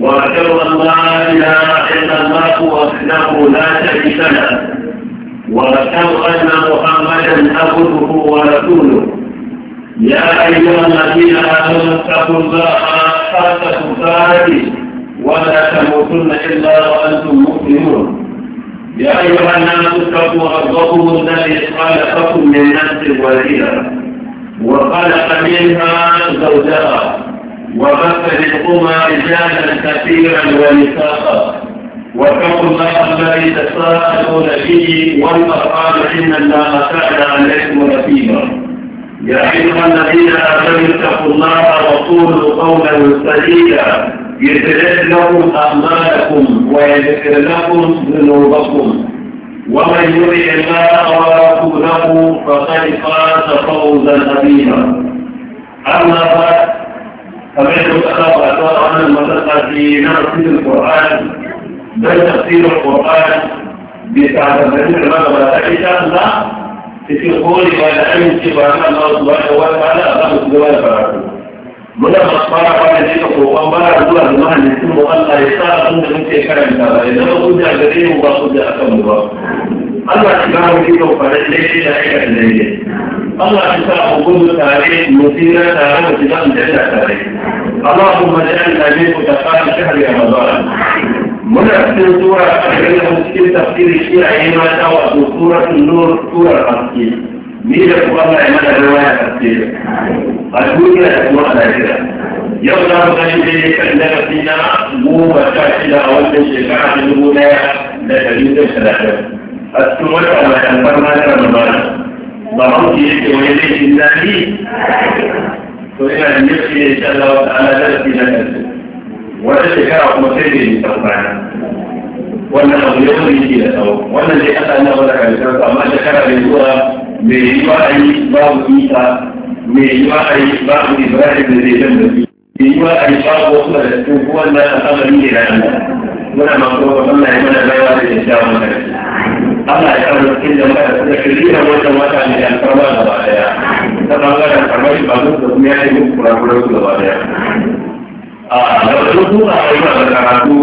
وأشهد أن لا إله إلا الله وحده لا شريك له وأشهد أن محمدا عبده ورسوله يا أيها الذين آمنوا اتقوا الله حق تقاته ولا تموتن إلا وأنتم مؤمنون يا أيها الناس اتقوا ربكم الذي خلقكم من نفس واحدة وخلق منها زوجها وبث رجالا كثيرا ونساء واتقوا الله الذي تساءلون به والارحام ان الله كان عليكم رقيبا يا ايها الذين امنوا اتقوا الله وقولوا قولا سديدا يسرح لكم اعمالكم ويذكر لكم ذنوبكم ومن يطع الله ورسوله فقد فاز فوزا عظيما اما بعد كما يقول الله وأتوى أن المدرسة في نفسي القرآن بل تفسير القرآن بتعتمدين المدرسة إن شاء الله في القول ولا أنت وأن الله سبحانه وتعالى أمام الزواج فرعون muna fara fara ne ka kokon bara zuwa ga mahallin mu Allah ya sa abin da muke karanta ba ya zama hujja gare mu ba hujja akan mu ba Allah ya ga mu kiro fara ne da aika da ne Allah ya sa mu gudu tare mu tsira tare mu tsira mu tsira tare اللهم اجعلنا من متقاء شهر رمضان muna cikin sura a cikin tafsirin shi a yi mata wato suratul nur surar haske ni da kuma Allah ya mana rawa ya tafsir a duniya da kuma a Najeriya yau za mu gani dai kan darasi na goma sha shida a wannan shekara ta dubu daya da ɗari da talatin a cikin wata mai alfarma ta Ramadan ba hauki yake wani zai shi zafi to ina da nufi ya sha Allah wata ala darasi na kansu wata shekara kuma sai da yi tsamfani wannan abu ya wuri ke da tsawo wannan dai Allah na wata karshen amma shekara mai zuwa mai yiwa a yi babu isa mai yiwa a yi babu ibrahim da zai zan da su mai yiwa a yi babu wasu da su kuma na al'amari ne na Allah muna mako Allah ya mana baiwa da kyakkyawan karfi Allah ya kawo cikin jama'a da shirya wata wata ne alfarma gaba daya ta bangaren farmari ba su da kuma ya yi muku kurakuran su gaba daya a da a suna ayyuka da karatu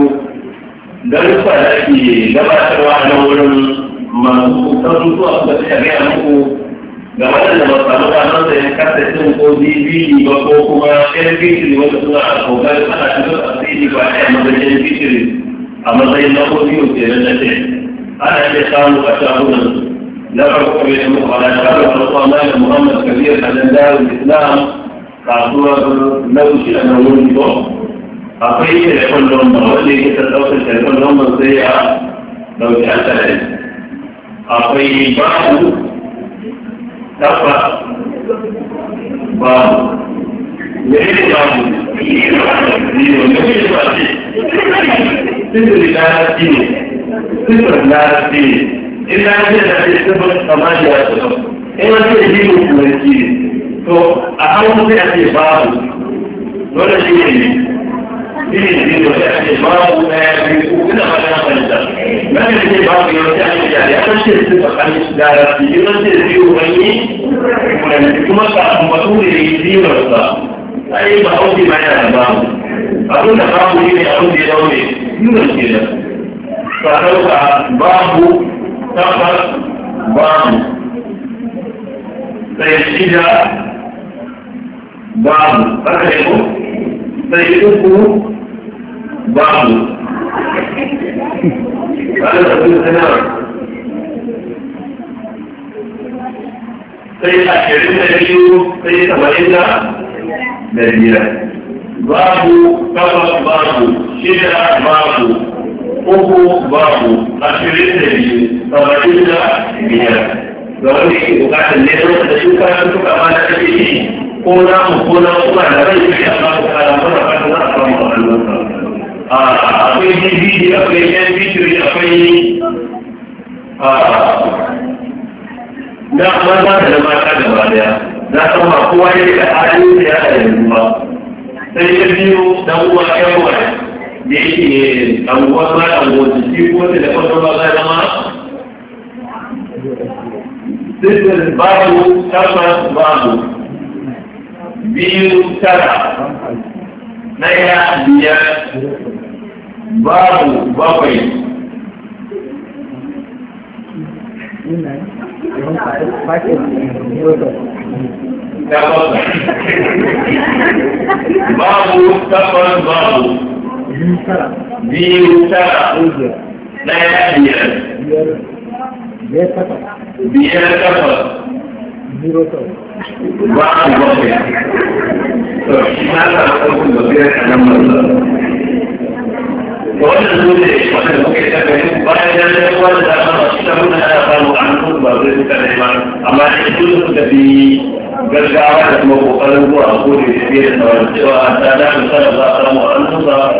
darussa da ake gabatarwa na wurin masu sauran zuwa ga suka gaya muku ga waɗanda ba samu damar da ya kasa cin ko dvd ba ko kuma ɗayan fitiri wanda suna a kokarin ana cikin asiri ba ɗaya matsayin fitiri a matsayin na kofiyo ke na nace ana iya samu a shagunan na farko mai da muka fara shagunan farko na da muhammad kabir a nan darin islam kasuwar laushi a nan wani ba akwai telefon lomba wanda yake ta ɗaukar telefon lomba sai ya ɗauki hankali akwai babu dabba babu ne ne babu ne ne ne ba ce sifir larabci ne sifir larabci ne in larabci da ce sifir samaniya da su in wani da yi ne to a hannun sai a ce babu dole shi ne للجديد والعمل المرض وكل ما كان قليلا ما كان في بعض يرجعني يعني أنا شيء سبق عن الإشتغال في يرجع في وغني ثم صار مسؤول يجري ورصا أي ما هو في معنى بعض أقول بعض يجي أقول في يومي يمشي له فلو بعض تقر بعض فيجد بعض أكلمه فيجده بعضه هذا أقول سنة sai ashirin da biyu sai saba'in da da biyar babu takwas babu shida babu uku babu ashirin da biyu saba'in da biyar ga wani ke bukatar ne da wata shuka da suka ma da ake yi ko na mu ko na mu ba da rai shi a ba ku kara mana fata za a samu a hannunsa Ah, akwai dvd akwai yan bidiyo akwai na ah, maza da na mata gaba daya na san ba kowa ne da halin da ya da yanzu ba sai ya biyo dan uwa yan wa da yake anguwa ma da anguwa shi kuma da kwanta ba za zama sirrin babu tabbas babu biyu tara ɗaya biyar babu bakwai babu takwas babu biyu tara ɗaya biyar biyar takwas babu bakwai ماذا أقول بقية لما وأنا أقول لك وأنا أقول لك وأنا أقول لك وأنا أقول لك وأنا أقول لك أما يقول لك في جرجعة وقالوا هو أقول لك وأنا لا أسأل الله أسلم وأنصر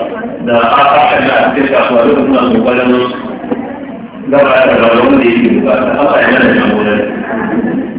da aka kada a cikin kasuwa duk suna kokarin gaba da rabar da yake bukata haka yana da shan gudanar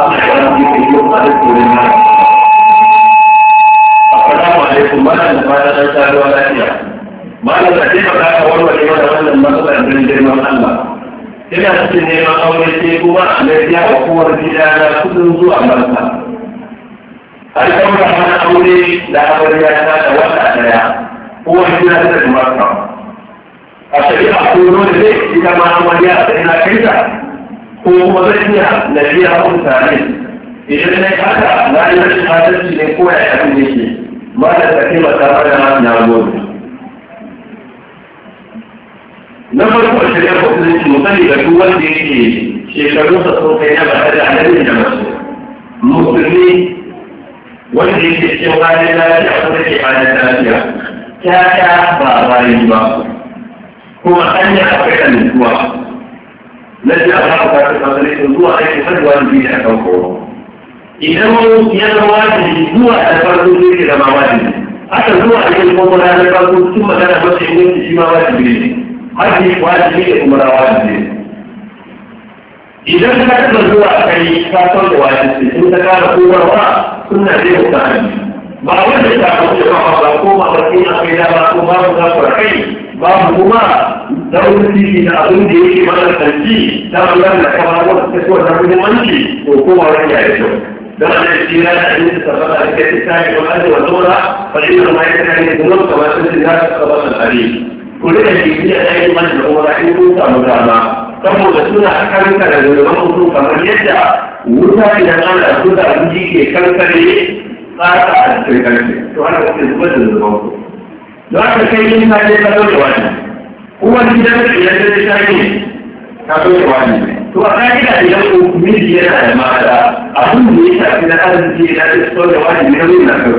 Assalamu alaikum malam da fata dan saduwa lafiya. Malam da sai baka ka warware mana na matsalar din Allah. Ina cikin neman aure sai kuma a lafiya wa kowar gida na kudin zuwa Marka. a kaura mana aure da amarya ta da wata daya. Kowar gida ta da Marka. A shari'a ko dole ne ita ma amarya ina kai ko kuma zan iya na biya mutane idan na haka na yi rashin adalci ne ko ya abin yake ba da tafi mata fada na ya gobe na farko shirya musulunci musali da duk wanda yake shekarunsa sun kai na ba da adalci da masu musulmi wanda yake cikin halin lafiya ko da ke halin lafiya ta ta ba bayan ba kuma hanyar akwai da nutsuwa التي أخذتها في الحضرية هو أي فتوى في أكبر إذا هو ينواجه هو أفرد ذلك لما واجه حتى هو أن يقوم هذا الفرد ثم كان مسعي منه فيما واجه به هذه واجه أمرا واجه إذا كانت مزروعة كي تكون واجه إذا كان هو وراء كنا به متعلم ما وجدت أن يقوم بقوم بقيمة في دابة أمام ذات رحيم babu kuma dauki da abin da yake mana sarki ta Allah da kama wata ta kowa da muhimmanci to kowa wani ya yi kyau dan Allah shi ya da abin da sabata da kai ta yi wa Allah wa zura fa inna ma yakana min dunum kama sun da sabata al-ali ko da shi ne yi mana da kuma in kun samu dama saboda suna karanta da gaban mutum kamar yadda wuta idan ana da abin ke kankare tsaka a cikin karfe to ana kuma zubar da zubar don haka kai yin sake ka zo da wani kuma gidan idan ka zai sake ka zo da wani to a kan gida idan ku miji yana da mata abin da ya shafi na arziki da ta so da wani ne wani na so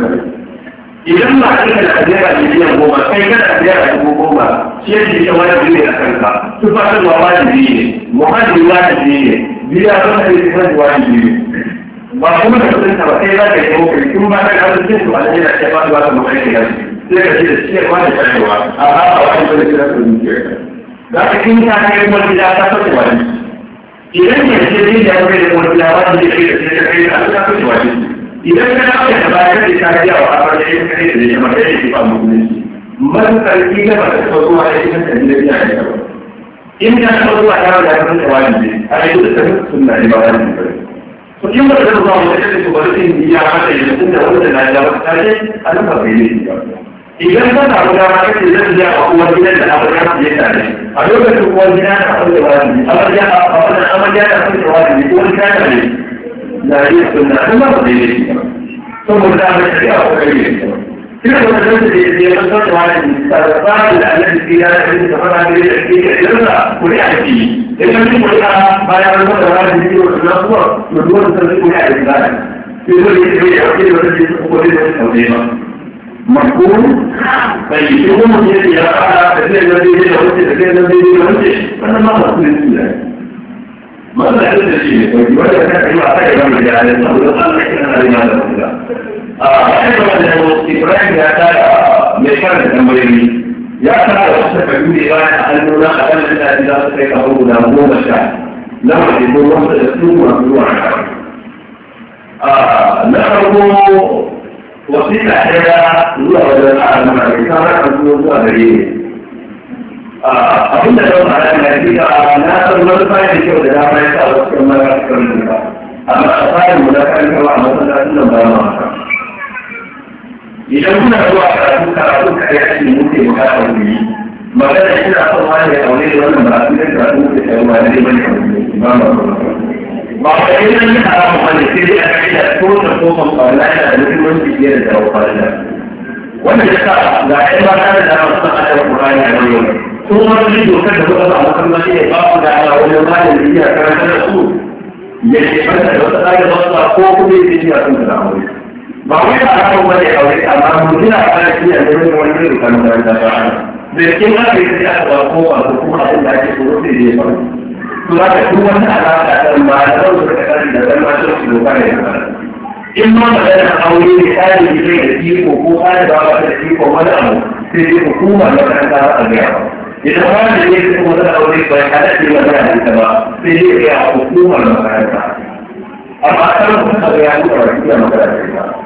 idan ma ka kana da naira miliyan goma kai kana da naira dubu goma shi yake da wani biyu ne a kanka su fatan wa wajibi ne muhalli wajibi ne biya zama da wani wajibi ne ba kuma da kudin ta ba sai za ka yi kokari kuma ba ka kasu su da ke faɗuwa ta makarci da su sai ka ce da ciyarwa da shayarwa a ba a wani kudin gida su zuciyar ka za ka kin ta kai kuma gida ta sauke wani idan ke ce ne da wani da kuma gida ba su ke da sai da kai ta ta sauke wani idan ka na da ba ka ce ka biya wa a ba da kai da ya da ke ba mu ne matukar ba ta sauƙuwa da ita ta gida biya ne ba in ta sauƙuwa ta wani da ta sauƙuwa ne a yi da ta ne ba ta kullum da zan zuwa wata kasance gwamnatin biya mata yi tun da wanda na da wata tashe a nan ba bai ne idan ka samu dama kace zan biya a uwar gidan da amarya su yi tare a lokacin uwar gida ta san da wajibi amarya a wannan amarya ta san da wajibi uwar gida ta ne da yi sunna kuma ba bai ne saboda ba ta yi a kokari ne تلك المدرسة التي يقصد على المستوى التي فيها يجب تفرع به الحقيقة إلى وليعته إذا لم يكن لها ما يعرفون طيب الدين والأخلاق من دون تنظيم وليعته ذلك في كل شيء يعطيه الذي هو ليس تنظيما مفهوم فيشوفون الذي يقع الذي الذي يوجه الذي الذي يوجه فأنا ما أقول لله ما نعلم شيء ولا نعلم حاجة من جعل الله أحيانا إبراهيم يعتاد مشارة أمريني يعتاد أصحاب يقولي أنا أننا أتمنى أن لا تترك أبونا هو مشاعر لما يكون وصل السوق وممنوع نحن وسيلة حياة الله وجل أعلم أن كانت أنه هو abin da zama a yanzu da na san wani bayan da kyau da dama ya sa wasu kan mara kan ba amma a tsarin mu na kan kawo a masallacin nan ba ma idan muna zuwa karatu karatu ka ya ce mu ke bukatar mu yi magana ina son wani ya aure da wannan ba su ne karatu mu ke kawo ba ne ba ne ba ma ba ba ka yi nan yin haramu wanda sai dai a ka'ida ko ta ko kan kwana yana da muhimmanci fiye da dawo kwana wannan ya sa ga ɗaya ba ta da dama suna ajiyar kurani a yau yau ثم يريد كذا بقى على كل شيء باخذ على علماء اللي كما تقول يجب ان تتعلم بطل فوق اللي فيها كنت تعمل بعدين على كل ما يحاول اما مدير على شيء اللي هو يريد كما تعمل لكن ما في احد فوق الحكومه الا في شروط اللي يفعل ثم تكون على ما لو تتكلم لما تشوف كان in ma magana aure ne tsari ne da iko ko tsari da ba da iko لتقال لديك مثلا أو ليك بيحالات المكان كما في ليك حكومة المكان أما أكثر من هذا يعني رئيسية مكان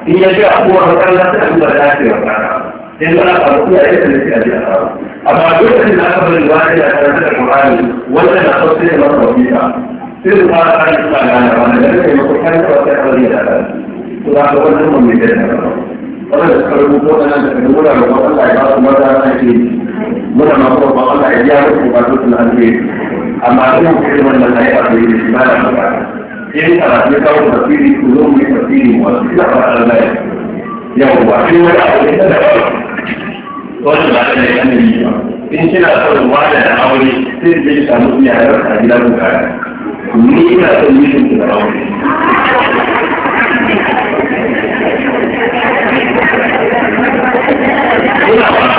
إن يجي حكومة مكان لا تأخذ الناس مكان لأن أنا قرأتها ليس التي أجي أخرى أما جزء من أكبر الواحد أكثر القرآن ولا نخصي مصر فيها سير قال عن الإسلام أنا لم يكن كان وسيحظ لي هذا وذلك هو الأمم من ذلك ولا تذكروا أن تقولوا لهم الله يبارك مرة أنا muna ma kuma ba Allah ya yaro ko ba dukkan alheri amma duk irin wannan na yi alheri shi ba na bukata in karatu ne kawo tafsiri ku zo mu yi tafsiri mu wasu ina ba Allah ya yau ba shi wani abu ne da ba wannan ba da ne ne in kina son wada da aure sai da ya samu iyayar a gidan bukata ni ina son mishin ki da aure ina ba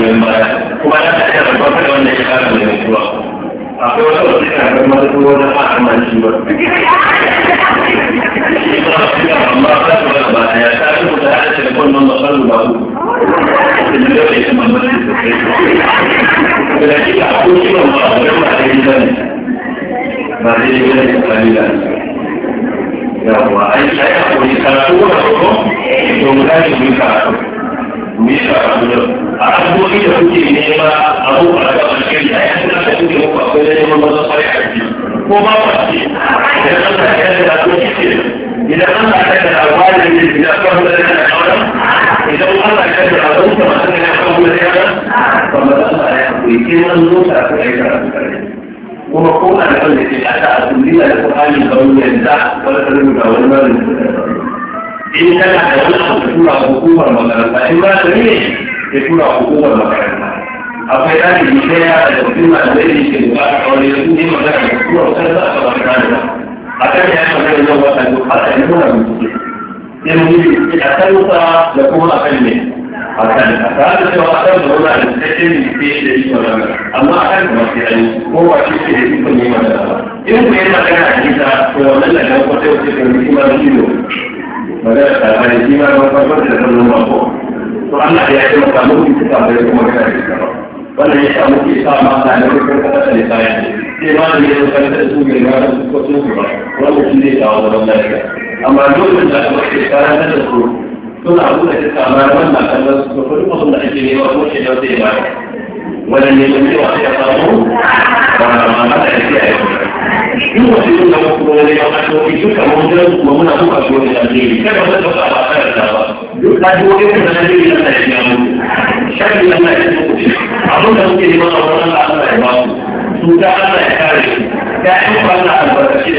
goyon baya kuma na ta kira babban kada wanda ya kara mai mutuwa akwai wata wata kira ga mata ko wata fara ma shi ba shi ba shi ga amma ta ko da ba ya ta ko da ta ce ko nan ba kallu ba ku da da ya kuma ba shi da shi ka ko shi ba ba da ba da shi ba ne ba da shi ne kalila yawa ai sai ka ko karatu ko to mu da shi karatu mu yi karatu da a abubuwan da kuke nema abu a ga alkhairi a yanzu da kuke muku akwai da neman wasu kwarai a ciki ko ba ce idan an sa kayan da ko kike idan an sa kayan da ba da ne idan ka mu da na idan an sa kayan da ba ku ta da ne ka mu da ya ga ba da sa ya ku ke nan zo kuma ko na da wanda ke ata a duniya da Qur'ani kawai yanzu wala ta rubuta wani malamin in kana da wani abu tura hukumar makaranta in ba ta ne ya tura hukumar makaranta akwai ɗaki ne ya da mutum na da zai ke bukata kawai ya magana da hukumar a kamar kanada a kan ya yi magana yau wata biyu a kan nuna bincike ya yi a kan sa da kuma ne a kan ta ta da cewa a kan da wani da ne ke da yi magana amma a kan kuma sai an yi kowa shi ke da yi magana in ku yi magana a gida to wannan da kan kwata yau ce kan yi magana ta bane shi ma ba farko da kan noma ko to Allah ya yi maka mutum ta bai kuma kana da shi wannan ya samu ke sa ma ta ne ko ka ta ne sai sai ma ne ya san da su ne ga su ko su ba wannan shi ne da wannan lafiya amma dole da ka ke karanta da su suna buɗe ta kamar wannan da su ko kuma sun da ake ne ko shi da sai ba wannan ne ne wa ya samu ba ma ta ne ya yi in wasu yin gaba kuma wani yau a shoki duka mawujan kuma muna buka su wani alheri kada wani baka ba ta yarda ba duk ta ji wani kuma na jiri na ya mutu shafi na na ya mutu abin da muke neman a wurin Allah ya ba su su da Allah ya kare su ya yi ba na albarkace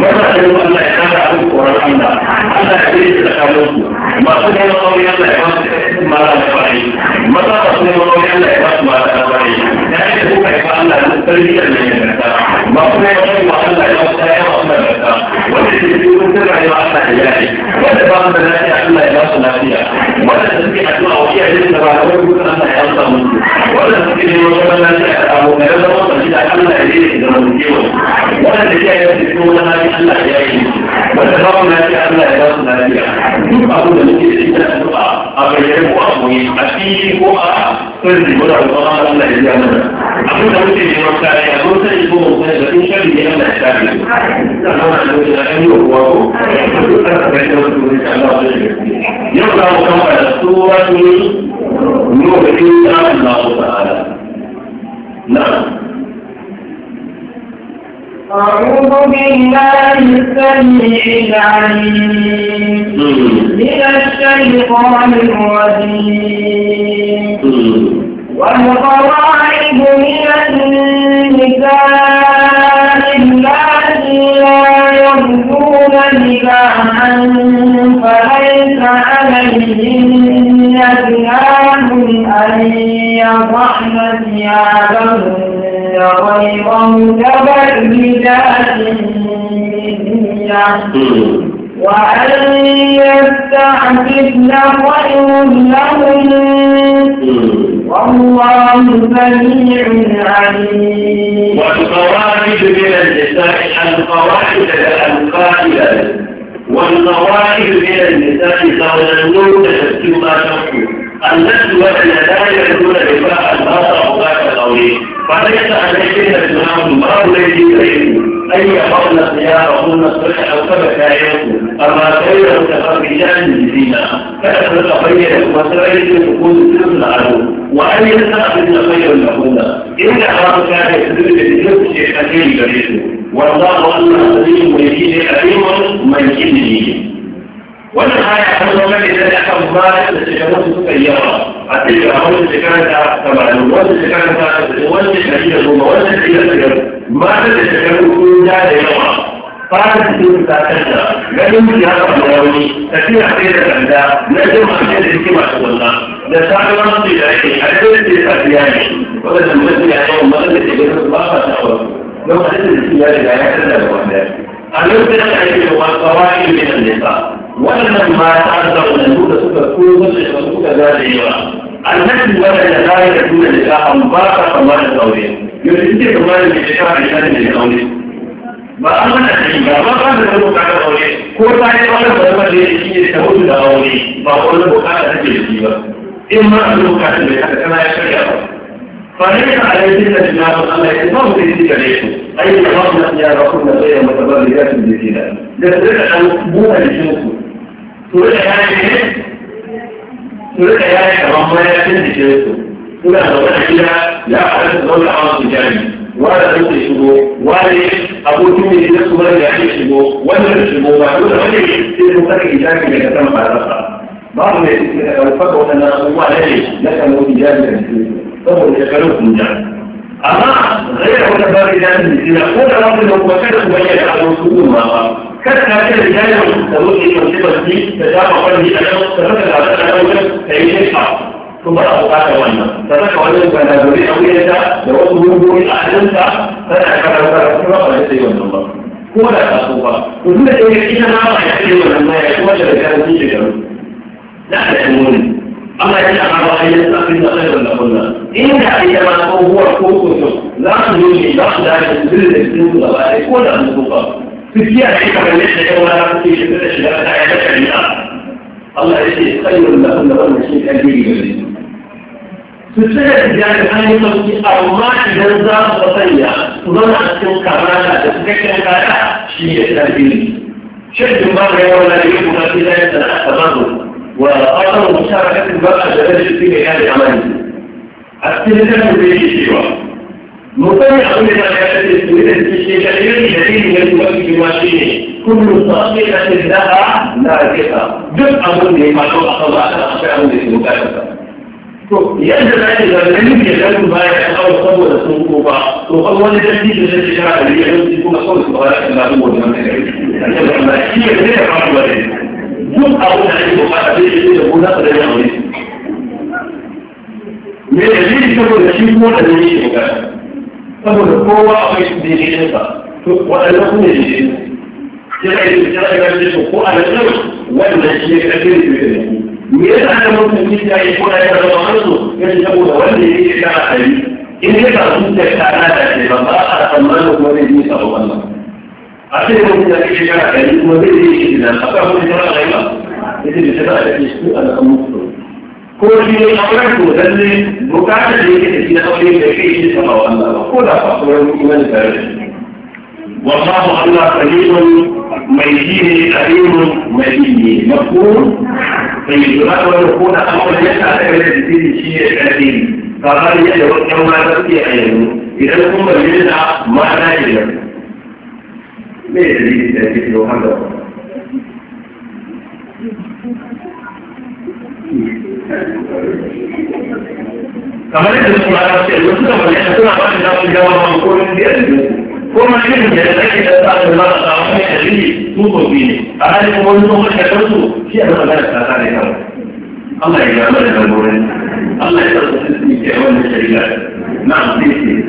maza da yau Allah ya kare abin koran Allah Allah ya kare su da kamar su masu neman aure Allah ya ba su mara da fari masu neman aure Allah ya ba su mara da fari ya yi da yi ba Allah ya kare su da مصنع غير محل علاج لا يرى ما wanda ke cikin sun rayuwa a sa iyali wanda ba su da lafiya Allah ya ba su lafiya wanda da suke addu'a wa iyayen da ba da wani gudun Allah ya amsa musu wanda suke neman zaman lafiya da abokan zaman kwanci da Allah ya daina da zaman kewa wanda da iyayen da cikin wani hali Allah ya yi wanda ba su lafiya Allah ya ba su lafiya duk abin da muke da ita addu'a a bayyane ko a koyi a fili ko a sirri wanda Allah Allah ya yi mana abin da muke neman kariya mun sani ko mun sani da in sharri ne Allah ya kare mu يقرأ كما سورة نور إن الله تعالى نعم أعوذ بالله السميع العليم من الشيطان الرجيم والقواعد من النساء التي لا إذا من فليس عليهن جهاد أن يضعن ثيابهن غير متبرجات بذنية وأن يستعففن خير لهم والله سميع عليم والقواعد من النساء القواعد القائلة والقواعد من النساء تظنون تشتم ما تشكو التي لا يكون رفاعا ما تغفر aure ba da yadda a nan shi da tunan babu laifi da yi an yi abin da ya rahu na suka ɗauka da kayan ku amma sai da suka farfi jani jina kada su rika bayyana kuma su rai da su kudu su da ado wa an yi nasa abin da bayyana da kuma inda a wasu kare su da jikin su ce a cikin gare su wanda wannan asirin mai shi ne a cikin mai shi ne wannan haya ta gwamnati da aka bayar da shekaru suka yi yawa a cikin a wani shekara ta tamanin wani shekara ta tamanin wani shekara ta goma wani shekara ta biyar mata da shekaru sun ja da yawa fara cikin ta canza ganin mu ya samu rauni tafiya sai da kanda na jin masu da yake masu walla da sabon su da yake a cikin da ya tafiya ne wanda da mutum ya yawan mata da shekaru ba sa sha'awar lokacin da shi ya riga ya canza da wanda ألوثنا العلم والقوائل من النساء ولمن ما تعذر النسوك سكر كل مجلس وسكر ذلك النسل ولا ذلك دون النساء مباركة كمال الزوجية يريد كمال النساء عشان من الزوجية ما أمن الحقيقة ما قام بالنسوك على الزوجية كل ما يقال بالنسبة للشيء يتهوز الأولي فأقول له بقاء هذه الزوجية إما أنه كان بالحق كما يشري الله فنبت على سنة النار الله يتفاهم في سنة ليشو أي مرضنا يا رسول الله يا متبرجات بالدينة لذلك موها لشوكو تريد يعني ايه؟ تريد يعني رمضان سنة شوكو ولا رمضان فيها لا أعلم دولة عرض جانب ولا دوت شبو ولا أبو تيمي يدرس ولا يعيش شبو ولا شبو ولا ولا المترك جانب يتم على رأسه بعض الفتوى أن الله لا يجب لك أنه جانب saboda shekarun sun ja amma zai da wata bari da su jira ko da wani da kuma kada ku bayyana a wasu umma ba kada ka ce da yayin da muke yin shi ba shi da dama wani a kan da ka da da wajen kai ne ba to ba ku kada wannan da ka wani ba da gari a wuya ta da wasu rubuci a hannunta tana kada ka ba ba sai wannan ba ko da ka so ba to duk da yake ina ma ba ya ce wannan ya kuma da garin shi da garin da ta mun Allah ya ana ba ayyar tsakin da sai wanda kunna inda ai ma ko huwa ko ko za su yi ne za su dace su dinga da cikin su gaba ɗaya ko da su kuka su kiya shi kamar yadda ya wani kuke shi da shi da ta yi da shari'a Allah ya ce tsayin da kunna wannan shi kan gidi da shi su tsaya su ja da hanyar sauki amma idan za su sanya su zama a cikin kamala da cikakken kaya shi ne tarbiyya shaidun ba da yawan da yake kuma sai da ya tsara a وأيضا مشاركة المرأة جلسة في مهاد عملي السلسلة بالشيوة مطلع من الحياة من الاستشهادية التي يتمكن بماشينه كل صاغرة لها ناقصة جزء منه ما شاء الله أشياء منه مكافأة yadda za ki zarga yin ke ganin baya ya kawo saboda sun kofa to kan wani dalili da zai shiga a biyu yanzu kuma kawai su ba za ka zaɓi wajen da ya yi a yadda ba shi ya zai ya faru ba da duk abin da ake bukata da kuna da ya aure me da shi kuma da bukata saboda kowa sa to kuma ne da kira ko a wannan shi ya da me yasa mutum ne yi ya zama saboda wanda yake kana in ya ka sun ta kana da ba ba a tsammanin kuma zai yi sabon أخيرا من الإجراء يعني هو بيدي إذن أخاه الإجراء غيره إذن الإجراء الذي يسوء أنا أمصر كل شيء أمرك وذل مكانة ليك إذن أولي بيكي إذن سمع الله وقول أفضل من إيمان فارس والله الله قدير ميدين أليم مدين مفهوم فيجرات ويكون أمر يسعى إلى الدين شيء قديم فقال يجب أن يوم لا تبكي عينه إذا كنت مجلنا ما لا يجب ليه ليه لو هذا كمان يدخل على نفسه المسلم ولا يكون عبارة عن الجواب منقول بيده كل ما يجب أن يتأكد أن تعلم المرأة تعلمها يخليه توقف بيني أهل الله يجعلنا الله يجعلنا نعم ليس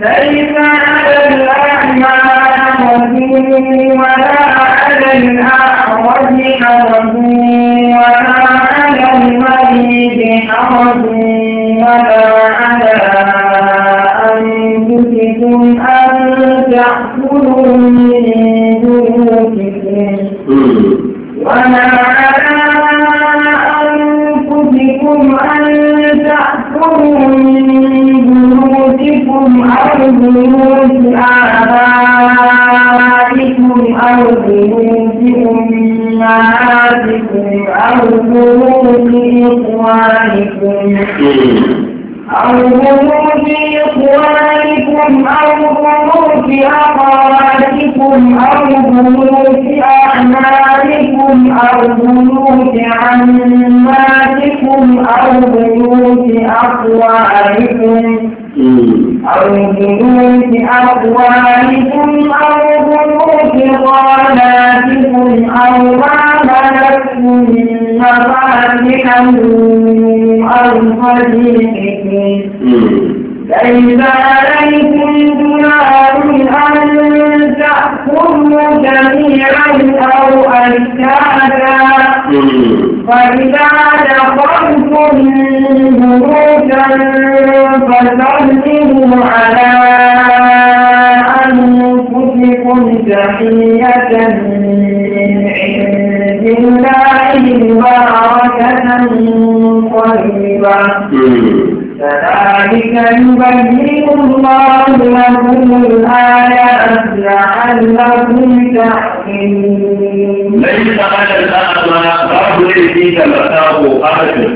ليس على الأعمى حرج ولا على الأعرج حرج ولا على المريض حرج ولا على أنفسكم أن تأكلوا من بيوتكم ولا على أنفسكم أن تأكلوا من بيوتكم أو بيوت آبائكم بيوت أمهاتكم أو بيوت إخوانكم أو بيوت إخوانكم أو بيوت أخواتكم أو بيوت أعمالكم أو بيوت عماتكم أو بيوت أخوانكم أو بيوت أموالكم أو بيوت خالاتكم أو ما ملكتم مفاتحه أو صديقكم ليس عليكم جناح أن تأكلوا جميعا أو أشتاتا فإذا دخلتم بيوتا فسلموا على أنفسكم تحية عند الله مباركة طيبة كذلك يبين الله لكم الآيات لعلكم تعقلون ليس على الأعمى رجل فيك مساق حرج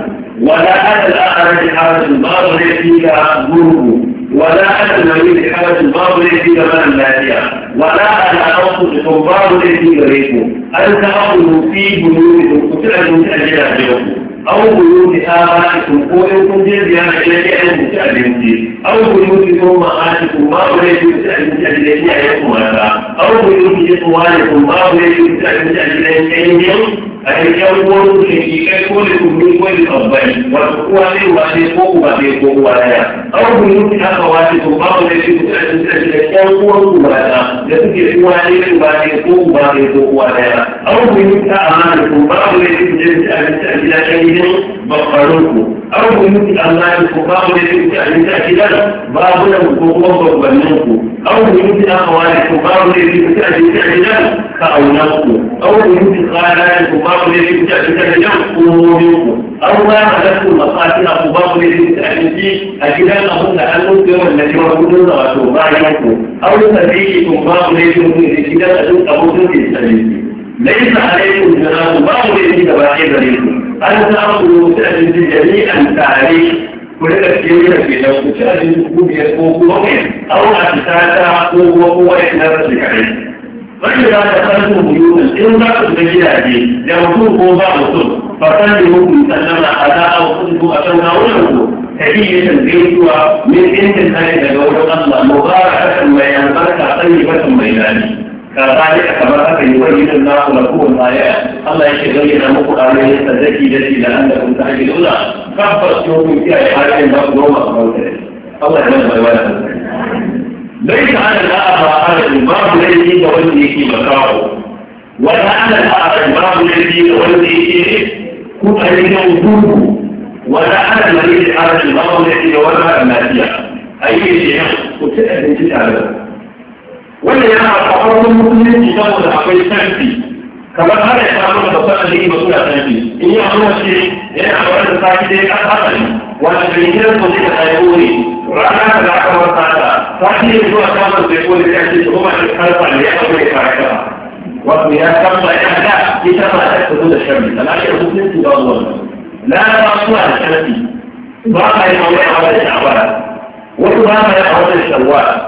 ولا على الأعرج حرج باطل فيك ظلم ولا على المريض حرج باطل فيك من لا ولا على أنفسكم باطل فيك ريب أنت أقل في بيوتكم وتعلم تأجل أجلكم أو بيوت آبائكم قولكم جزيا إلى أن تعلمتي أو بيوت أمهاتكم ما أريد تعلمت إليه أيكم هذا أو بيوت إخوانكم ما أريد تعلمت إليه أيهم a yi yan uwan ne ki kai ko ne ku ni ko ne babbai wato kuwa ne wa ne ko uwa ne ko uwa daya aw ku ni aka wace ko ba ne ki ku da yan uwan ku ba da da suke uwa ne ko uwa ne ko uwa ne ko uwa daya aw ku ni ta amana ko ba ne ki ku da a gida kan gidan bakwaronku an mutu Allah ya ku babu da yake a nisa gidan babu da ku kuma babbannin ku an mutu an hawari ku babu da yake a nisa gidan ka auna ku an mutu tsara ku babu da yake a nisa gidan ku nomin ku an ba a lakkun masakina ku babu da yake a nisa a gidan abun da an mutu yawan da yawan gudun da wato bayan ku an mutu tsari ku babu da yake a gidan abun da mutu ke tsari laisa alaikum janabu babu da yake da ba a yi gare ku أن تأخذوا سعد جميعا تعريف ولك كثير في لو سعد يكون يسوق أو أتساتا قوة قوة إحنا عليه فإذا دخلتم بيوتا إن بعد بجهاده يوصوه بعض الصدق فسلموا سلم أداء وصدقوا أتونا ولوه هدية بيتها من عند الله جل وعلا مباركة وينبركة طيبة ميلانية كذلك كما هكا يبين الله لكم الآيات الله يبين لكم آيات التي التي لأنكم تعجلون كفر يوم فيها آيات مقدومة موتة الله يبين لكم ليس على الأعرى الباب الذي يولي في مكاره ولا على الأعرى الباب الذي يولي في كل وجوده ولا على المريض على الباب الذي يولي المادية أي شيء وتأذن تتعلم wanda yana faruwar musulunci saboda akwai sanfi kamar har ya samu da babban alheri ba suna sanfi in yi amma ce yana da wani safi dai kan asali wanda bai kira ko zai ka sai kore rana ta da aka wata ta safi ne zuwa samun zai kore ya ce su kuma shi karfa ne ya kawai karfa wato ya karfa ya da ya karfa ta fito da sharri da lafiyar musulunci ba zuwa na ba suna da sharri ba ka yi aure a wata shawara wasu ba ka yi aure da shawara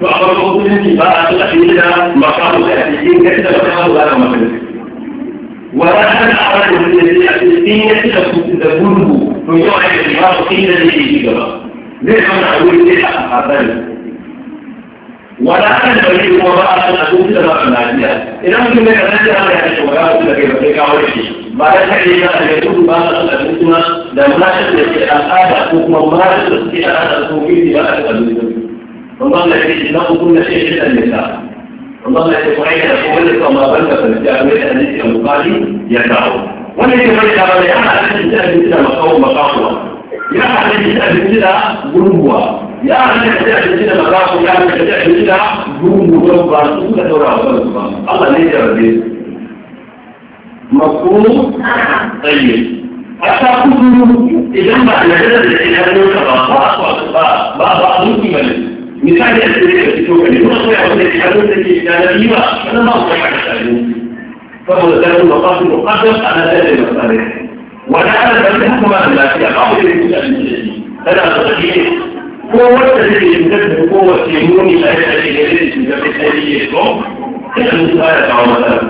to a farko musulunci ba a tsaka shi da makamu da ake yin kai da makamu da aka maka wa ra ta da a wani musulunci a cikin ya ci da kuɗi da gurgu to yau a yi ba su inda ne ke ci gaba zai zama a wuri sai a hasari wa ra ta da wani kuma ba a tsaka kuɗi da makamu lafiya idan mutum bai kasance da ya ce wa ra da kai ba sai kawo shi ba da kai ya da ya tudu ba a tsaka kuɗi da mulashin da ke al'ada ko kuma mulashin da ke al'ada ko gidi ba a tsaka kuɗi وظل الاستثناء كل شيء الا النساء وظل الشيخين يقول فما بلغ فالاستعمال الحديث المقال يدعو والذي يقول لك انا احد الاسئله مثل مقاوم مقاومه يا احد الاسئله بلوى يا احد الاسئله مقاومه يا احد الاسئله بلوى ربا سوره ربا الله ليس ربي مفهوم طيب حتى كل اذا ما نزل الى الحلال فقط بعض بعض بعض misali a cikin da fito ka ne kuma sai abin da ke hannun da ke da na biyu ba wannan ba ku kai haka shari'u saboda zanen mafasu mukaddam ana zanen masarai wani ana zanen haka ba da lafiya ba ku da ke da shi tana da shi ko wanda zai yi da ko wace muni da ya ce da zai yi da sai yi to sai an tsaya da wannan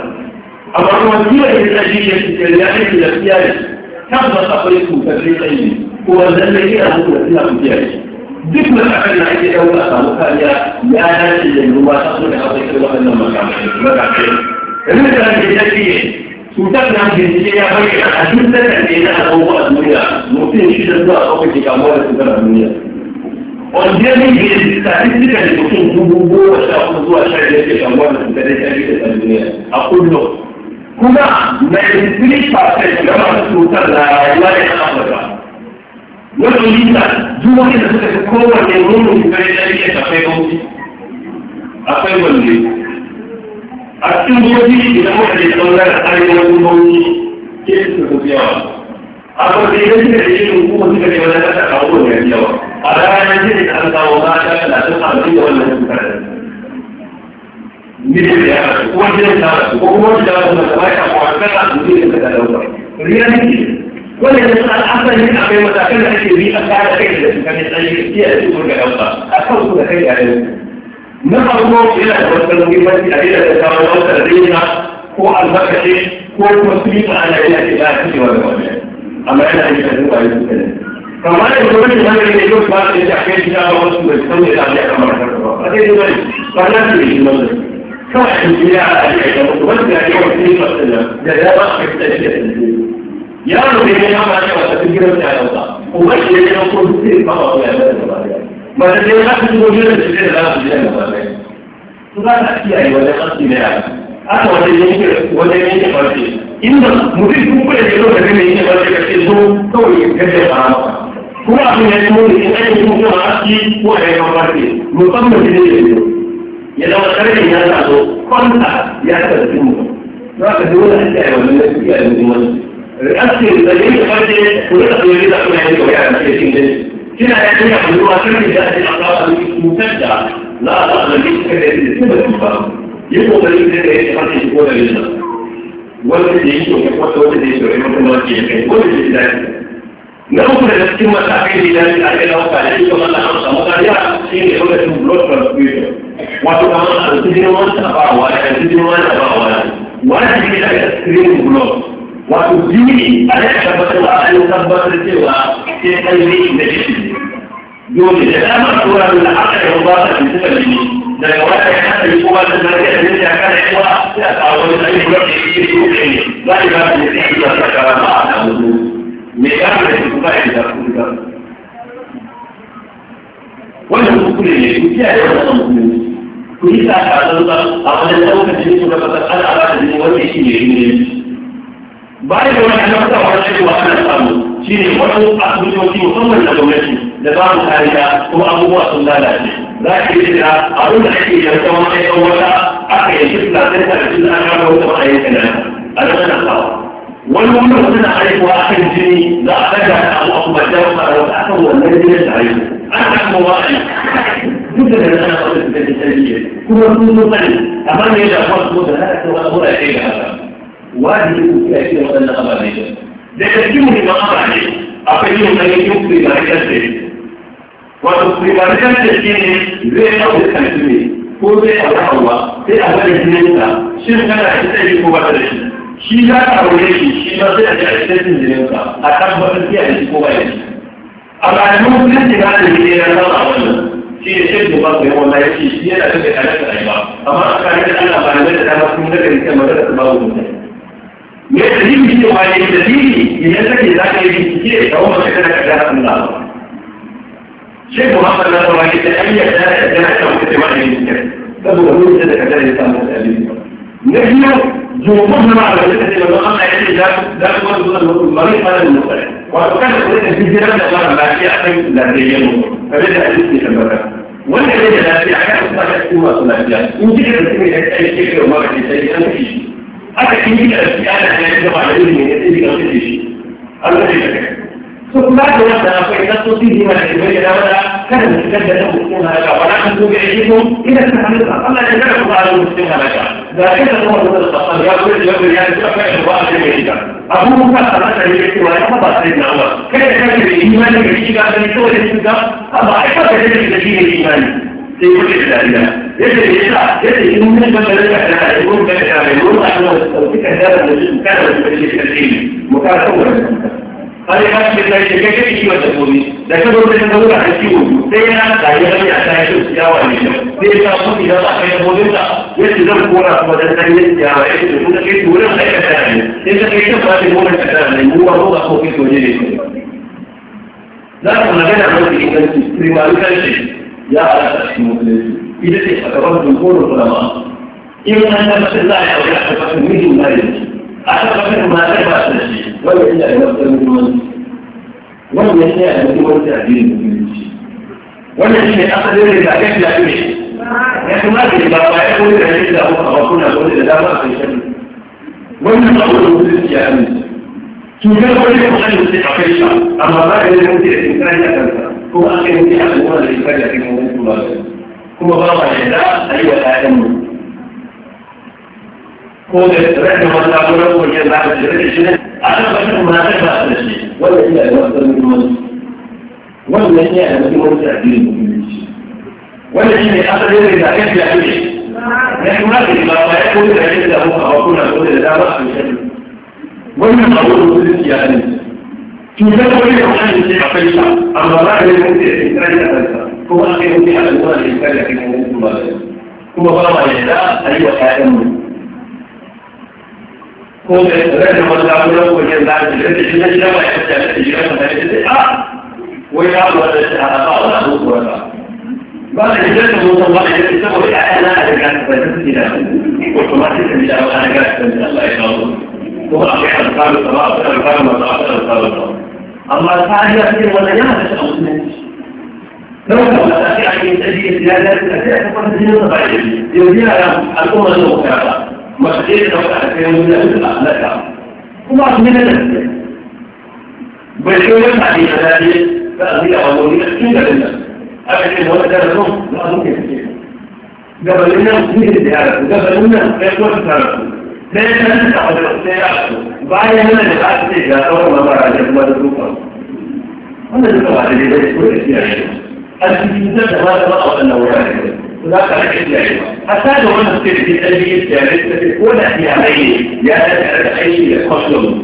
amma kuma kiyar da zai yi da ya ce da ya ce tabbata akwai ku da zai yi ko wanda zai yi da ku da zai yi duk da aka na ake ɗauka a samu kariya ya dace da ruwa ta so da hausa kai waɗannan makamai rin da ake tafiye cutar na bincike ya bayyana a duk da kan na abubuwa a duniya mutum shi da zuwa kawai ke kamuwa da cutar a duniya on daily basis statistically mutum dubu goma sha uku zuwa sha biyar ke kamuwa da cutar da a duniya a kullum kuma 93% na masu cutar na rayuwa ne a afirka wannan lita duk wanda da suka fi kowanne mummuni kare da iya tafai bauchi akwai wanda a cikin bauchi idan muka da sauran arewacin bauchi ke suka fi yawa a kwanci idan suka da yin kuma suka ne wajen kasa a wurin gari yawa a ranar jini da an kawo ba ta kana sun amfani da wannan suka da ne da ya rasu kuma jini ta rasu ko kuma jini ta rasu da ba ta kwa kana su ne da ka da wuta reality wannan da suna asali a kai matakan da ake bi a kare kai da su kan tsaye iya da su ga yauka a kan su da kai da yau na farko yana da wasu muhimmanci a yana da kawo wata rena ko albarkace ko kuma su yi ma'ana yana ke da ake wa da wannan amma yana yi da zuwa yi su kanin kamar da kuma shi hannun da yau ba su yi a kai shi da wasu da su ne da ake kamar haka ba a zai yi wani ba na su yi wani kawai shi ya a yi da wasu wanda ya yi wasu yi masu da ya ba a kai da shi da shi يرى بيننا ما جاء تذكير بتاعنا وبشر لو كنت في بعض ما تدري لا تقول لي تدري لا تدري لا تدري تأتي أي ولا تأتي لا أنا ولا يمكن ولا يمكن قلبي إنما مدير كوبل يلو تدري ليه ولا تكتير هو توي كذا كلام هو أبن يسمون إن أي ممكن أأتي هو أي مقاتي مطمن في ذلك يلو تدري يا سعدو كنت يا سعدو لا تدري لا تدري ولا تدري الأكثر الدليل خلي كلنا بيريد أن يعيش يعني شيء جديد كنا يعني يعملوا كل ذات الأعضاء المسجع لا لا لا ليس كذا يسمى يبغى دليل كذا يحصل في كل جزء ولا تديش ولا تديش ولا تديش ولا تديش نقول لكم تعبير ذلك الأجل أو تعليم ولا نحصل مطالعة شيء يقول لكم بلوك بالكمبيوتر وتقول أنا أتدين وأنا أبغى وأنا أتدين wato dini a da tabbatar da an tabbatar cewa sai kai ne da shi dole da dama tura da aka yi ba ta cikin da ni daga wata ya hada yi kuma da zai da zai ka da kuwa ya kawo wani sai kuma da shi ne ko ne ba ni ba ni sai ya ta kara ma a da mu me ya da shi kuma ya da ku da wannan hukumi ne ku kiyaye wannan hukumi ku yi sa ka zanta a wannan lokacin da kuka fara al'ada da wani shi ne ne bayan da wani ana masa wani cewa ana samu shi ne wasu asibitoci musamman na gwamnati da ba mu kariya kuma abubuwa sun lalace za a yi jira abin da ake yi da wani ɗan wata aka yi shi na zai tare shi na kawo wata ma'aikata na a nan ana sawa wani wani wani na haihuwa a kan jini za a ɗaga da abu a kuma jawo a wata a kan wannan jinin da haihu an ta kuma wa'ayi duk da na ana wata su da ta kuma sun zo sani amma ne da kuma su da za a kawo a wurare da haka wajibi ku kiyaye shi waɗannan ababe daga cikin muhimman ababe akwai yin ko yin primaritar da wato primaritar da shi ne zai ɗauki kanti ne ko a ɗauki hawa sai a gwada jininsa shin kana da shi ko ba da shi shi ta ka aure shi shi ma sai a ji a cikin jininsa a tabbatar kiyaye ko ba da a bayan mutum da ba da shi ne na zama wannan shi ne shi da babu yawan na yake shi yana da kai a nan ba amma a kare da ana ba da da dama sun daga ta magana su babu mutane يجري في هذه الدليل من الذي ذاك يجري أو ما كان كذا من الله شيء محمد لا ترى كذا أي ذاك ذاك أو كذا ما يجري فهو هو كذا كذا يسمى الأليم نحن جمهورنا على ذلك لما قام عليه ذاك ذاك ما يقول المريض هذا المختلف وكان يقول في جرم الله ما في أحد لا يجري فبدأ وانا لدي لا في حاجة لا تكون أصلا فيها يمكن أن تكون أي شيء وما في شيء أنا في aka kin da shi ana da shi ba da ilimi ne sai ga shi Allah ya kare to kuma da wanda akwai nasosi ne wanda ke bayyana wanda kada mu shigar da ta mutum halaka wa la kuntu bi ilmikum ila tahammu Allah ya kare ku ala mutum halaka da kada mu wanda da tsafar ya kure da ya ya ta kai wa da mai shiga abu mun ka Allah da ya ce wa ya ba sai na wa kada ka kare imani da shiga da to da shiga ba ai ka da shi da imani sai ya ce da ya ya ce ya ce ya ce in mun ba da da da mun ba da da mun ba da da dauki kan da da shi kan da shi kan shi mu ka san wannan har ya ce da shi kake shi wata gobe da ka gobe da gobe da shi gobe sai ya da ya ya ta shi ya wa ne sai ya ku ida da kai gobe da ya ce zan kora kuma da sai ya ya wa ya ce kuma kai dole sai ka ta ne sai ka kai ta ba da gobe da ta ne mu ba ko ba ko ki to ne ne za ka magana da shi kan shi sai ba ka shi ya halatta cikin musulunci ita ce a gaban jumhurin ulama in an tabbatar za a yi aure a tabbatar mijin ba da shi a tabbatar matar ba da shi wanda ina da mafiyar muhimmanci wannan shi ne a muhimmanci a jini musulunci wannan shi ne asalin rigakafi da ne ya kamata ba ba ya koyi da shi da abu a bakuna wani da dama a kai shan wannan abu da musulunci ya amince cutar wani da mutane da suke a kai shan amma ba ka yi mutu da tsinkani a kansa kuma aka yi mutu a kuma da shekar da cikin wasu ba kuma ba ma shi da a yi wa ɗayan mu ko da rashin wata gudan kogin za ka shi rashin shi ne a kan bashi kuma na ba da shi wanda iya da wasu muhimmanci wannan iya da muhimmanci a cikin muhimmanci wanda shi ne asalin da ya kai ya ne na kuma da ba ba ya kuma da ya kai da mu a wakuna ko da dama a misali wannan abu da mutunci ya ne مثال كل القرآن يصير عفلسة أما الله لا يمكن أن يترجع عفلسة هو أخي يمكن أن يقول الإنسان لكن هو مثل ما هو ضرب لله أيوة آدم هو رجل من الأولى وجزاء الجنة الجنة لا يحتاج إلى الجنة ويقال هذا بعض الأمور ولا بعد الجنة هو الله يجزاه أنا أرجعت فجزتنا وحماتي الله أنا أرجعت الله يرضى هو أخي أرقام الصلاة أرقام الصلاة أرقام الصلاة الله تعالى يقول ولا يهدى الأصنام لو كان الأخير عن إنتاجية الزيادات الأساسية فقد تجد طبيعية يوديها الأمة المغتابة مشكلة لو كانت يوديها مثل أخلاقها وما أسمنا ذلك بل شو يسعى في مدارس فأغذية أولية كل لله أبدا هو أدارهم لا أمكن جبل لنا مثل الزيادة جبل لنا يقول الزيادة sai ta ta wata sai ya bayan yana da asibiti ya tsawon mabarajen wani rufon wanda duka ba da daidai ko da kiyaye asibiti zai da ba da ba a waɗannan wurare za ka rage kiyaye hatta da wannan suke da ke ɗalibin kiyaye ta ce ko da kiyaye ya dace da aiki da kwallon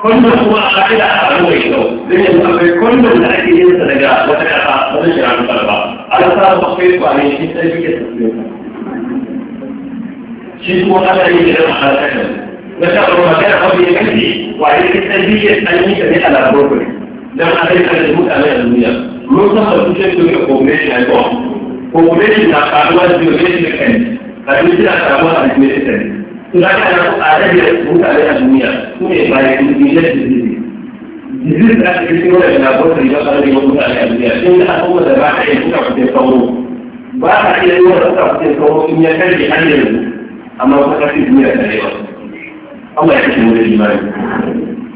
kwallon kuma a ƙa'ida a ƙaru mai kyau zai yanzu akwai kwallon da ake yin sa daga wata ƙasa wata shirarun ƙarfa a rasa bakwai kwanin shi ɗalibin kiyaye شيء هو قد أن يجرم على سكن وشغل مكان قبل يكفي وعليك التنبيه أن يتبع على بروكلي لم أدرك أن يموت أمام الدنيا منطقة تشكل من population and all population na faruwa da population kan abin suna faruwa a population kan to da kana ko a da mutane a duniya su ne bayan population disease disease da ake cikin wannan na bota da ba da mutane a duniya sai da abubuwa da ba ta yi suka fice sauro ba ta iya yi wa suka fice sauro in ya karye hanyar أما وصلت في الدنيا الآخرة الله يحسن من الإيمان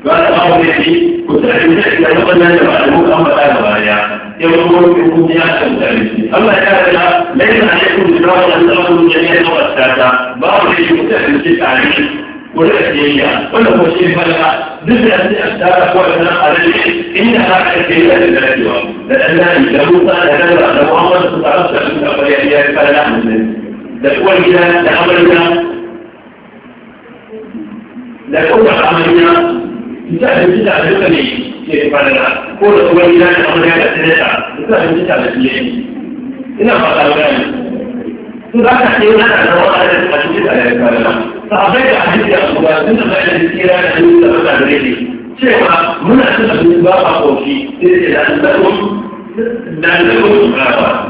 قال أمر يحيي كنت أحسن تحكي أن قد لا يفعلون أمر آخر عليها يقول في الدنيا المتعبسين أما الآخرة ليس عليكم بشرط أن تأخذوا جميع المؤسسات بعض الشيء متعبس عليه والأسئلة وله شيء فلها مثل الأسئلة وعلى عليه إنها أسئلة للأسئلة لأنها لو كان هذا محمد صلى الله ان وسلم فلا يحيى فلا نحن لا شوال كده لا عمل كده لا كوكا عمل كده يساعد جدا على ذلك ليه كيف قال لها كل شوال كده لا عمل كده يساعد جدا على ذلك إنها فقط أولا تبقى تحتيون أنا أنا وضع هذا الحديث على ذلك فأعطيك حديث يا أخوة أنت فعلا كثيرا أن تبقى بريدي شيخنا هنا أنت بالنسبة أقول شيء لأنكم لأنكم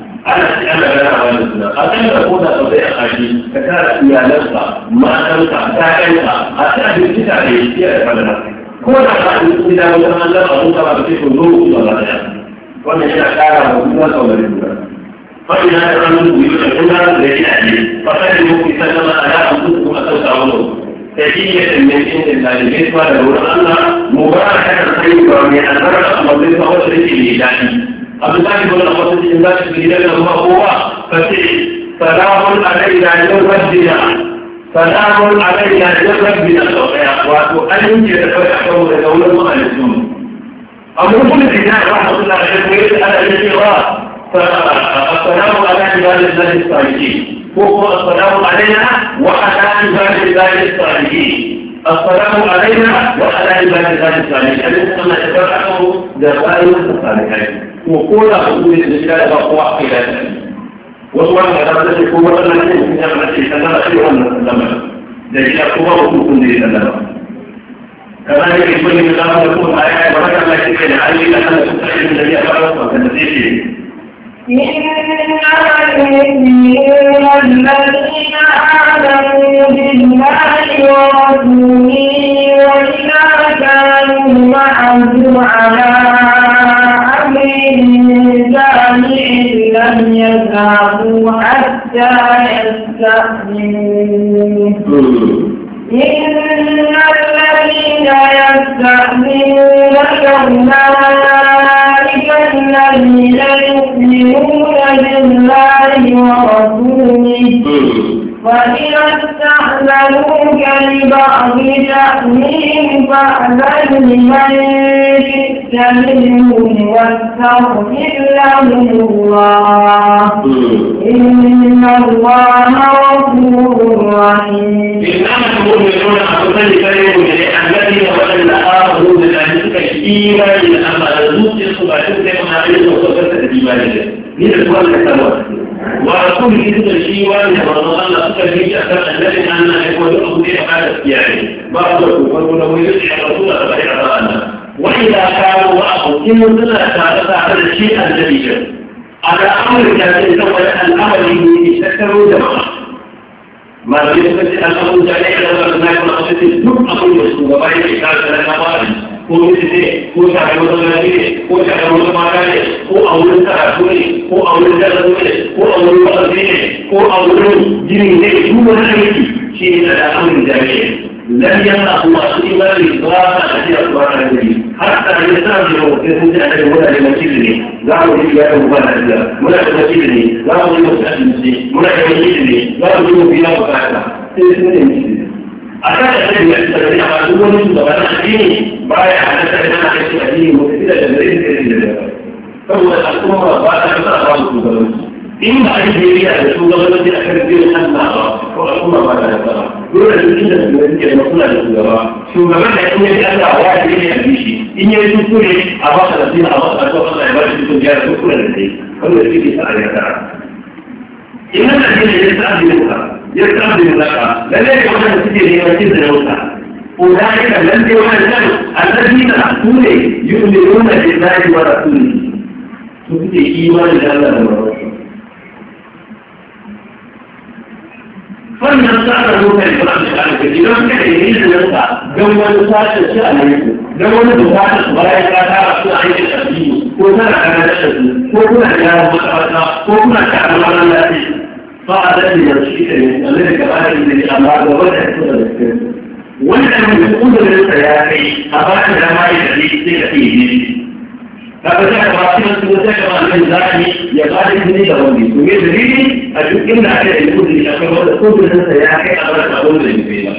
ana ci ana gana wani suna a kan da ko da ka sai a kashi ka tara iyalanka matanka ta'yanka a ta abinci tare ya da fadana ko da ka abinci gida wajen an zama abin ka ba ka ce ko zo ku zama da wannan yana kara wa kuma tsaunari juna فإن هذا الرجل يدعونا لجهله فقد يمكن سلم على أنفسكم أن تسعونه تجية من عند الله الجسم ولولا أن مباركة الخير ومن البركة مضيفة وشرك الإلهي قبل ذلك بن عباس بن في بن جلال هو فتي سلام علينا يوم ربنا سلام علينا يوم ربنا وأن يتفكروا لدولة الجنود كل الإناء رحمة الله عليه على الانتقاء فالسلام على عباد الله الصالحين هو السلام علينا وعلى عباد الله الصالحين السلام علينا وعلى عباد الله الصالحين الذين تبعهم دفائر الصالحين وقول أخذ الرجال بقوة خلافه وصوان حدثت الكوبة التي تنعم الشيطان خيرا من السلام لكن الكوبة وقوف للسلام كما يجب أن يكون آية ولكن لا يمكن أن يكون آية الذي أخذت النتيجة إنما المؤمنون الذين آمنوا بالله ورسوله وإذا كانوا معه على لا يستأذنون إن الذين يستأذنونك أولئك الذين يؤمنون بالله ورسوله وإذا استعملوك لبعض شأنهم فأذن لمن شئت منهم واستغفر له الله إن الله غفور رحيم. إنما المؤمنون أحسن كلمة الذي وأن آخر من ذلك الإيمان الأمل نصف ما عليه وصفة ورسول إذن الشيوان رضا الله سكر في جأسة الذي أنا يكون يؤمن به هذا السياحي بعض الكفر له رسول الله فبعد أنا وإذا كانوا أخذ إن ظل أسعادة على الشيء الذي على أمر كان يتولى الأمر الذي يشكروا جماعة ما يثبت أنه جميع الأمر ما من أخذ الدب أقول لكم وبعد إشارة لنا ko miji ne ko shafi masallaci ne ko shafi wasu mata ne ko a wurin karatu ne ko a wurin darasi ne ko a wurin masallaci ne ko a wurin gini ne duk wani aiki shi ne da al'amarin jami'i lam yana kuma su imani ba ta ajiya su ba ta ajiya har ta ajiya ta ajiya wa sai sun ji ajiya wani masjid ne za mu yi ya rubuta da ajiya muna da masjid ne za mu yi wasu abinci muna da masjid ne za mu yi mu biya bukata sai sun yi masjid a annabi ya tsare da masu wani shugaban addini baya halatta da ana kai addini ko kida da gare da irin da saboda al'umma ba ta kasa ba su shugabanci in ba a yi da shugabanci a kan biyan Allah ba ko al'umma ba ta kasa ba dole duk inda shugabanci ke da kula da shugaba shugaban da in yi Allah wa ya yi a bishi in yi ne a ba ta nasiha a ba ta kasa Allah ya ba shi kuskure ya kuskure da kai wanda shi ke sa'a ya tara in nan da ne ya sa'a ne ka ya san da zaka lalle ne wannan suke neman cin da wuta أولئك الذين ولدوا الذين أقول يؤمنون بالله ورسوله تبدي إيمان الله ورسوله wannan tsarin lokacin ba su da alƙa idan ka yi yin sa don wani sashen shi a yanku don wani bukatar su bayan ka tara su a yankin addini ko tana kana da ko kuna da yaran makaranta ko kuna da yaran lafiya بعد ان الذي كبار الذي أمر ووضع وأنا من قدر السياسي أبعد ما يدري فيه فبدأ راسنا سوزك مع الإنسان يقال إنني دوني ويدريني أشوف إن أحد يقول لي أشوف قدر السياسي أبعد أقول لي فيه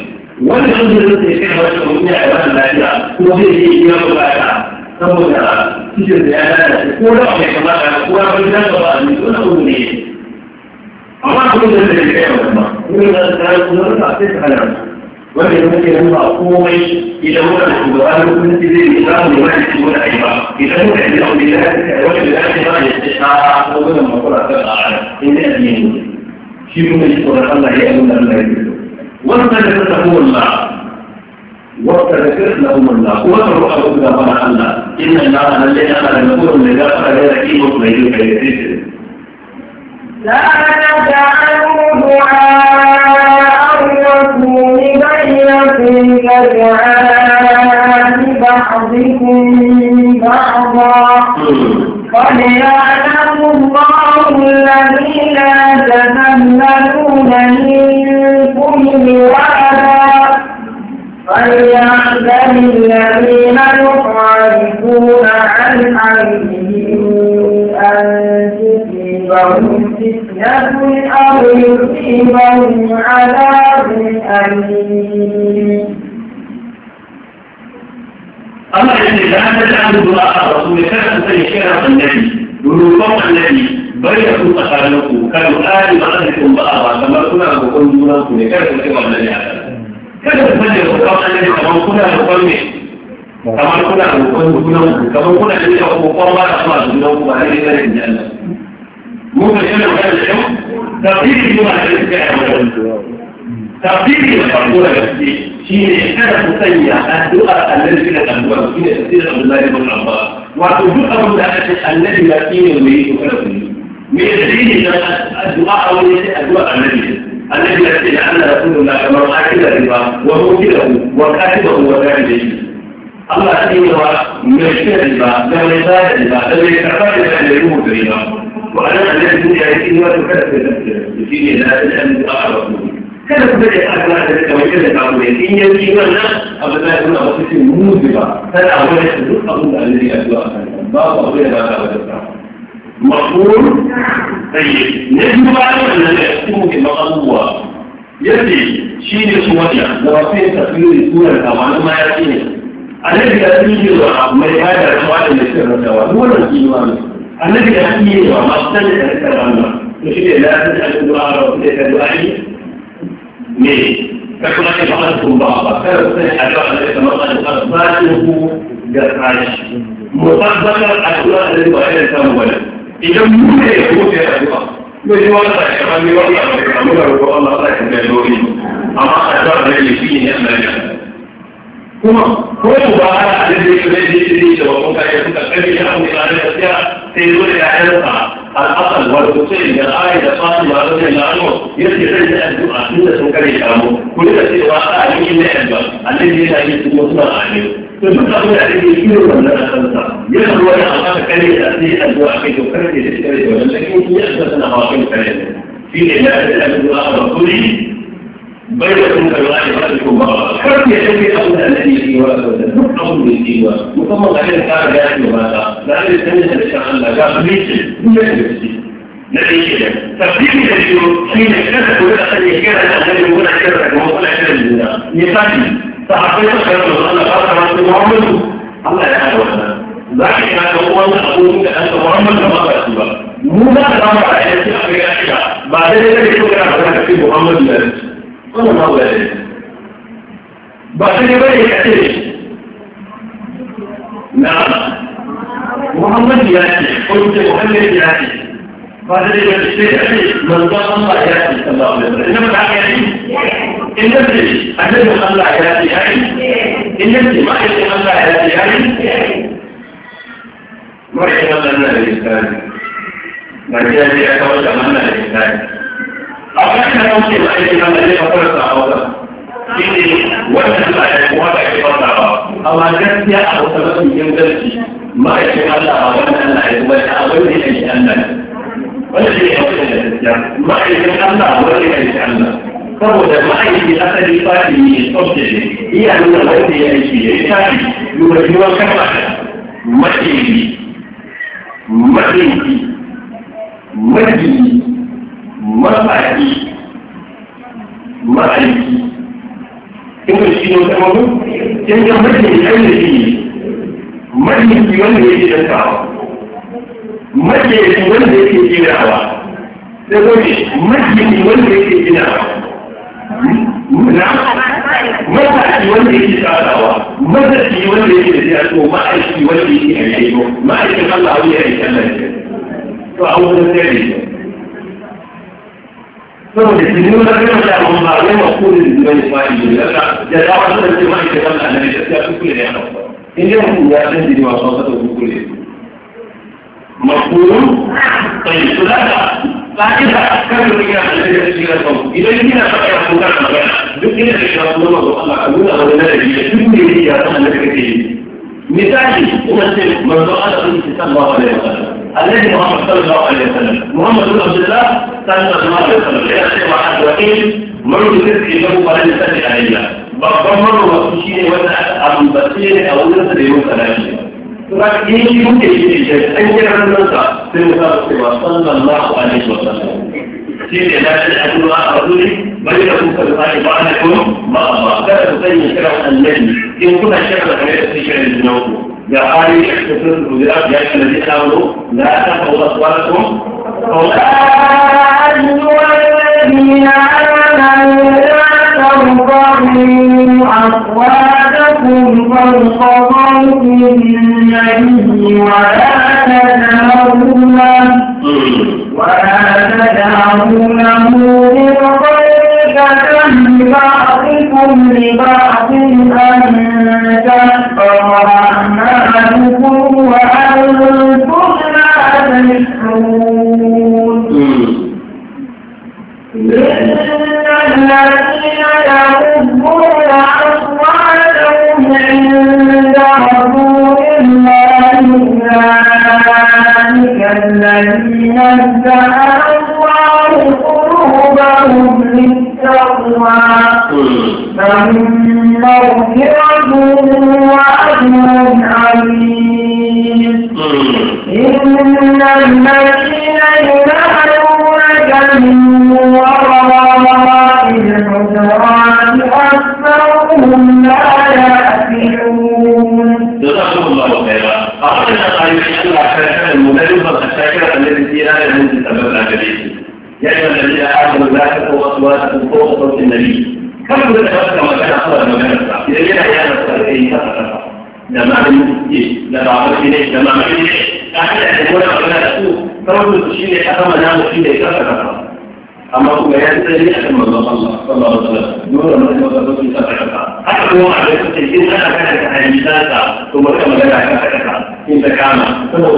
وأنا قدر السياسي أبعد أقول لي أبعد لا يدري وفيه يوم لا saboda cikin da ya lalace ko da ake kamata ko ya bai da ba a ne ko na ne wanda ya muke nuna komai idan muka da shugaban hukunci zai yi za mu yi wani cikin wani ba idan muka yi wani da ya wani da ya ce ba ya ce a kogunan makura ta a inda ya biyu shi kuma shi tsoron Allah ya yi wani Allah ya biyu wanda da ta samu wallah wanda da ta samu wallah ko wanda ruwa ko da ba Allah inna Allah lalle ana da nabuwan da ya fara da kima mai yi kai da shi لا تجعلوا دعاء الرسول بينكم كدعاء بعضكم بعضا قد الله الذين يتسملون منكم لوعدا فليعلم الذين يخالفون عن امره ان تصيبهم فتنة أو يصيبهم عذاب أليم أما الذي لا تجعل دعاء الرسول كان تنشر النبي ونوفق النبي bari da kun tsakaninku kan tsari ba zai kun ba ba kamar kuna roƙon junan ku ne kada ku ce wannan ya kada ku sanya roƙon annabi kamar kuna roƙon ne kamar kuna roƙon junan ku kamar kuna da roƙon ba da kuma junan ku ba ne da Allah ممكن هنا وهذا اليوم تقدير الجمعة تقدير الأقوال شيء أنا الدعاء الذي لك الأموال شيء تقدير عبد الله بن عباس وتوجد أمر الذي لا فيه وليه وكلفه من دليل الدعاء أو الدعاء الذي الذي يأتي أن رسول الله كما أكل الربا وموكله وكاتبه وكاتبه Allah shi ne ba mai shi da riba da mai sa da riba da mai karɓa da mai da rubuta riba wa nan a nan duniya ya ce wa to kada ku da shi ne na da an da a rabu kada ku da a ga da kamar yadda ka ku yi in yanki wannan abu da kuma wasu shi muzi ba kada a wani duk abin da Allah ya zuwa kan babu abu da ba ka wada mafhum tayyib ne duba wannan da kuma ke ma'amuwa yace shi ne su wannan da wasu tafsirin surar kamar ma ya ce annabi ya fi yi wa mai ba da ramuwa da mai karrantawa duk wannan imani annabi ya fi yi wa masu san da karrantawa to shi ne lafiya da addu'a da kuma da addu'a ne ka kuma ne ba a tun ba ba kar sai addu'a da kuma ba da tsarin ku da tsarin musabbakar addu'a da ba ya da samu wani idan mu ne ya kuma ya addu'a ko shi wannan da kamar ni wannan da kamar Allah ta yi da dole amma addu'a da yake shi ne Allah kuma ko ba ana abin da yake zai yi ne da bakon kare suka kai ya mu da gaskiya sai zo da ayyansa al-asal wal husayn da ayi da fatima radiyallahu anhu yake zai yi addu'a tun da sun kare ta mu ku da cewa a yi ne addu'a annabi yana yi kuma suna amin to duk abin da yake yi ne wannan asalsa ya zo wani amma ka kare da sai addu'a kai to kare da kare da wannan kin yi addu'a na hawa kan kare shi ne da addu'a ba kuri بينكم كالغاية حالكم بعض كم يشكي أبونا الذي سواء نقطه من سوى وطبق عليه الحاجة جاءت وهذا لعل السنة الشعر لا جاء مثل مثل نتيجة تفكير اليوم حين اكتسب ولا أحد يجعل أن يكون أكثر وهو لا يجعل لله يفهم فحقيقة كلام الله قال رب محمد الله يعلم ذلك ما هو أن أقول أن محمد مو ذا الأمر على أن بعد ذلك يكون محمد لا wannan ma guda ɗaya ba ta ne bane ka ce na muhammad ya ce ko ce muhammad ya ce ba ta ne bane sai ka ce manzon Allah ya ce sallallahu alaihi wasallam inda ba ta ya ce inda ce annabi Allah ya ce ya ce inda ce ma'aikin Allah ya ce ya ce ma'aikin Allah na da misali Najeriya ya kawo da mana da misali a kan kan wuce da ake nan da zai ka fara sa hausa shi ne wannan ba ya kuma ba ake fara ba amma gaskiya a hausa mafi inganci ma'aikin Allah a wannan Allah ya kuma da abin da yake Allah wanda shi ne hausa da gaskiya ma'aikin Allah a wannan yake Allah saboda ma'aiki asali fadi ne tsofce ne iya nuna wanda ya aiki ya yi tafi lura yiwuwar kafa maɗebi maɗebi maɗebi ma'aiki ma'aiki in ka shi ne wata mamu yan yan mace mai kan da shi mace wanda yake dantawa mace wanda yake ginawa sai kuma mace wanda yake ginawa na matashi wanda yake tsarawa matashi wanda yake da ya so ma'aiki wanda yake a yayi ma'aikin Allah wani ya yi kallon to a wurin sai Jadi, kita perlu mengambil langkah-langkah yang lebih jauh. Jadi, kita perlu mengambil langkah-langkah yang lebih jauh. Jadi, kita perlu mengambil langkah-langkah yang lebih jauh. Jadi, kita perlu mengambil langkah-langkah yang lebih jauh. Jadi, kita perlu mengambil langkah-langkah yang lebih jauh. Jadi, kita perlu mengambil langkah-langkah yang lebih jauh. Jadi, kita perlu mengambil langkah-langkah yang lebih jauh. Jadi, kita perlu mengambil langkah-langkah yang lebih jauh. Jadi, kita perlu mengambil langkah-langkah yang lebih jauh. Jadi, kita perlu mengambil langkah-langkah yang lebih jauh. Jadi, kita perlu mengambil langkah-langkah yang lebih jauh. Jadi, kita perlu mengambil langkah-langkah yang lebih jauh. Jadi, kita perlu mengambil langkah-langkah yang l مثالي يمثل من دخل في صلى الله عليه وسلم الذي محمد صلى الله عليه وسلم محمد بن عبد الله صلى الله عليه وسلم الى سيما حد وكيل من يسرق له فلن يسرق عليه babban marwasu shi ne wanda aka ambace ne a wurin sa da yau kana shi kuma in shi muke shi ne an kira nan sa sai mu sa su ba sallallahu alaihi wasallam سيدي لا تدعوا مع رسوله بل لكم كتفاء بعضكم بعضا كان تسير شرع النبي إن كنا شرع حميدة في شرع الجنوب يا حالي احتفظ الوزراء يا الذين آمنوا لا تفعوا أصواتكم يا أيها الذين آمنوا لا ترفعوا أصواتكم فوق صوت النبي ولا تجهروا ولا تدعونه من غير ذنب بعضكم لبعض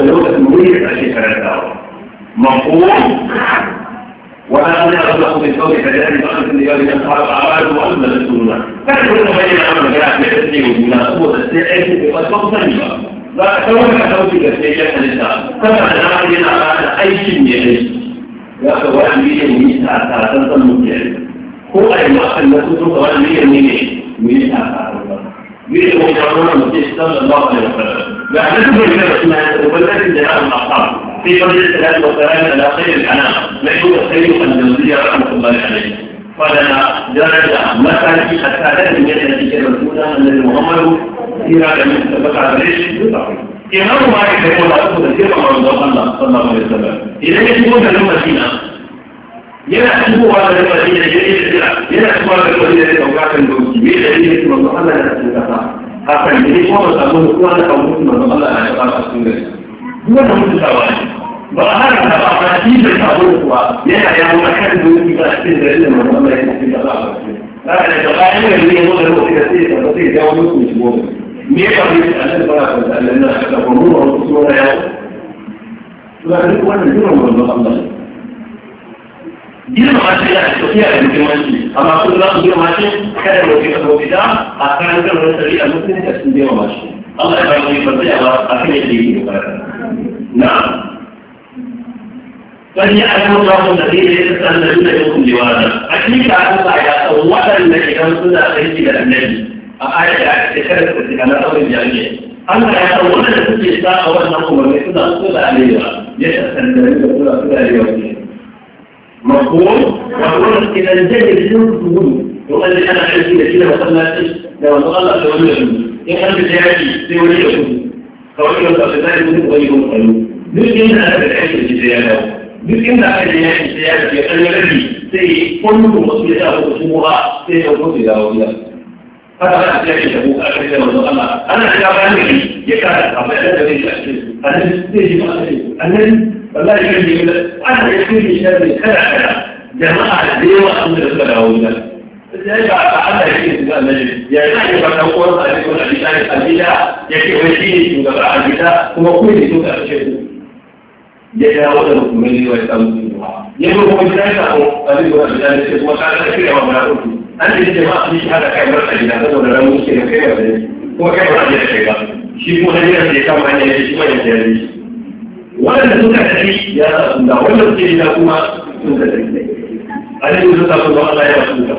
اللغة المريح أشياء ثلاثة مفهوم ولا أنا أطلق من فوق فجأة بخلق الليالي من خلق أعراض وأما لسنة فأنا بين أمر جاء في التسليم ومناسبة السيئة وقد تقصني لا أتوقع توقيت السيئة لسا طبعا أنا أعلم على أي شيء يعيش يا أخي ولا أمريكا من ساعة ساعة تنظم هو أي مؤخر نسوته ولا أمريكا من ساعة ساعة من في قبل الثلاث والسلام على خير الأنام مشهور خير الجوزية رحمة الله عليه فلنا درجة مثلا في حساسات من التي الأولى أن محمد في هذا من سبق عليه إمام مالك يقول أقول كثير من الله صلى الله عليه وسلم إذا يكون لهم فينا yana shigowa da المدينة shi ne ya yi yana shigowa da yawa shi ne ya المدينة ɗauka kan doki me da yi ne kuma su Allah ya ce kasa hakan da ne kuma samu da kuma da abu mutum da Allah ya ba su sun gari duk wanda mutum da wani ba a hana ta ba ba shi da sabo kuwa yana yawo a kan doki ba cikin da ilimin da Allah ya ce da ba ba haka da ba ilimin da ya zo da lokaci da sai da sai ya wani mutum shi gobe ya faru da Allah ba ka da Allah na ka ba mu ba su wani yawo to duk wannan duk wannan Allah girma shi yana tafiya da muhimmanci amma kun za su girma shi kada mu fita ko fita a kan kan wani tsari a mutum da sun girma shi Allah ya ba mu yi fasiya ba a kan yadda yake bukata na'am wani ya alamu ta kun da zai da san da suna yin kullewa da a cikin da aka sa ya san waɗanda idan suna aiki da annabi a ayata da kada su tsika na tsawon jami'a Allah ya san waɗanda suke sa a wannan umarni suna suna alewa ya san da suna suna alewa ne مفهوم وأقول إذا نزل الجنود تقول يقول لي أنا عايز كده كده وصلنا لو تغلط يقول لي يخرب الزيادي زي ولي يقول فوالي وصفتها يقول غيرهم قالوا لكن أنا بالعيش الزيادة لكن أنا بالعيش الزيادة يقول لي سيكون مصيرها وقسمها سيكون إلى أولياء فأنا أتلاقي شبوك أكثر من الله أنا أتلاقي أمري يكاد أبدا أنا أتلاقي أمري والله يقول أنا يكون لي شر كذا كذا جماعة ديوة أمر الكلام هنا فإذا فعلنا شيء في المجلس يعني فتقول أن يكون الإنسان البدع يكون فيه من قبل البدع هو كل سوء شيء يتناول المؤمنين ويستمتعون يملك بذلك أن يكون بذلك وكان كثيرا وما يقول أن الاجتماع في هذا wanda suka tafi ya sa wanda suke gida kuma suka tafi a yanzu ta Allah ya wasu ka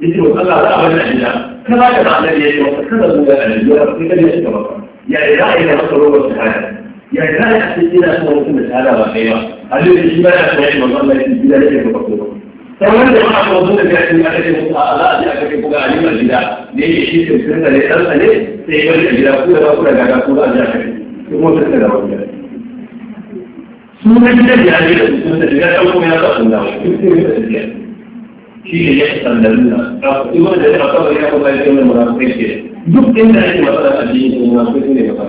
yake wa Allah za bari a gida kana da annabi ya yi masa kana zuwa a gida ya fi kan ya kuma ya yi ra'ayi da masa robar su kaya ya yi ra'ayi a cikin gida suna mutum da tsada ba kai ba a lokacin shi ba ya sa ya yi masa Allah ya gida ya ke gaba ko sauran da ma'a kuma zuwa a buga alimar gida da yake shi ke sun ne ɗansa ne sai ya bari a gida ku da ba ku da gaga ku za a je aka kuma sun da wani gida sunan da ya ce da sunan da ya ta kuma ya ta sunna shi ne ya ta da nuna ka kuma da ya ta ya kuma ya kuma munafiki ke duk inda ake magana a cikin munafiki ne ba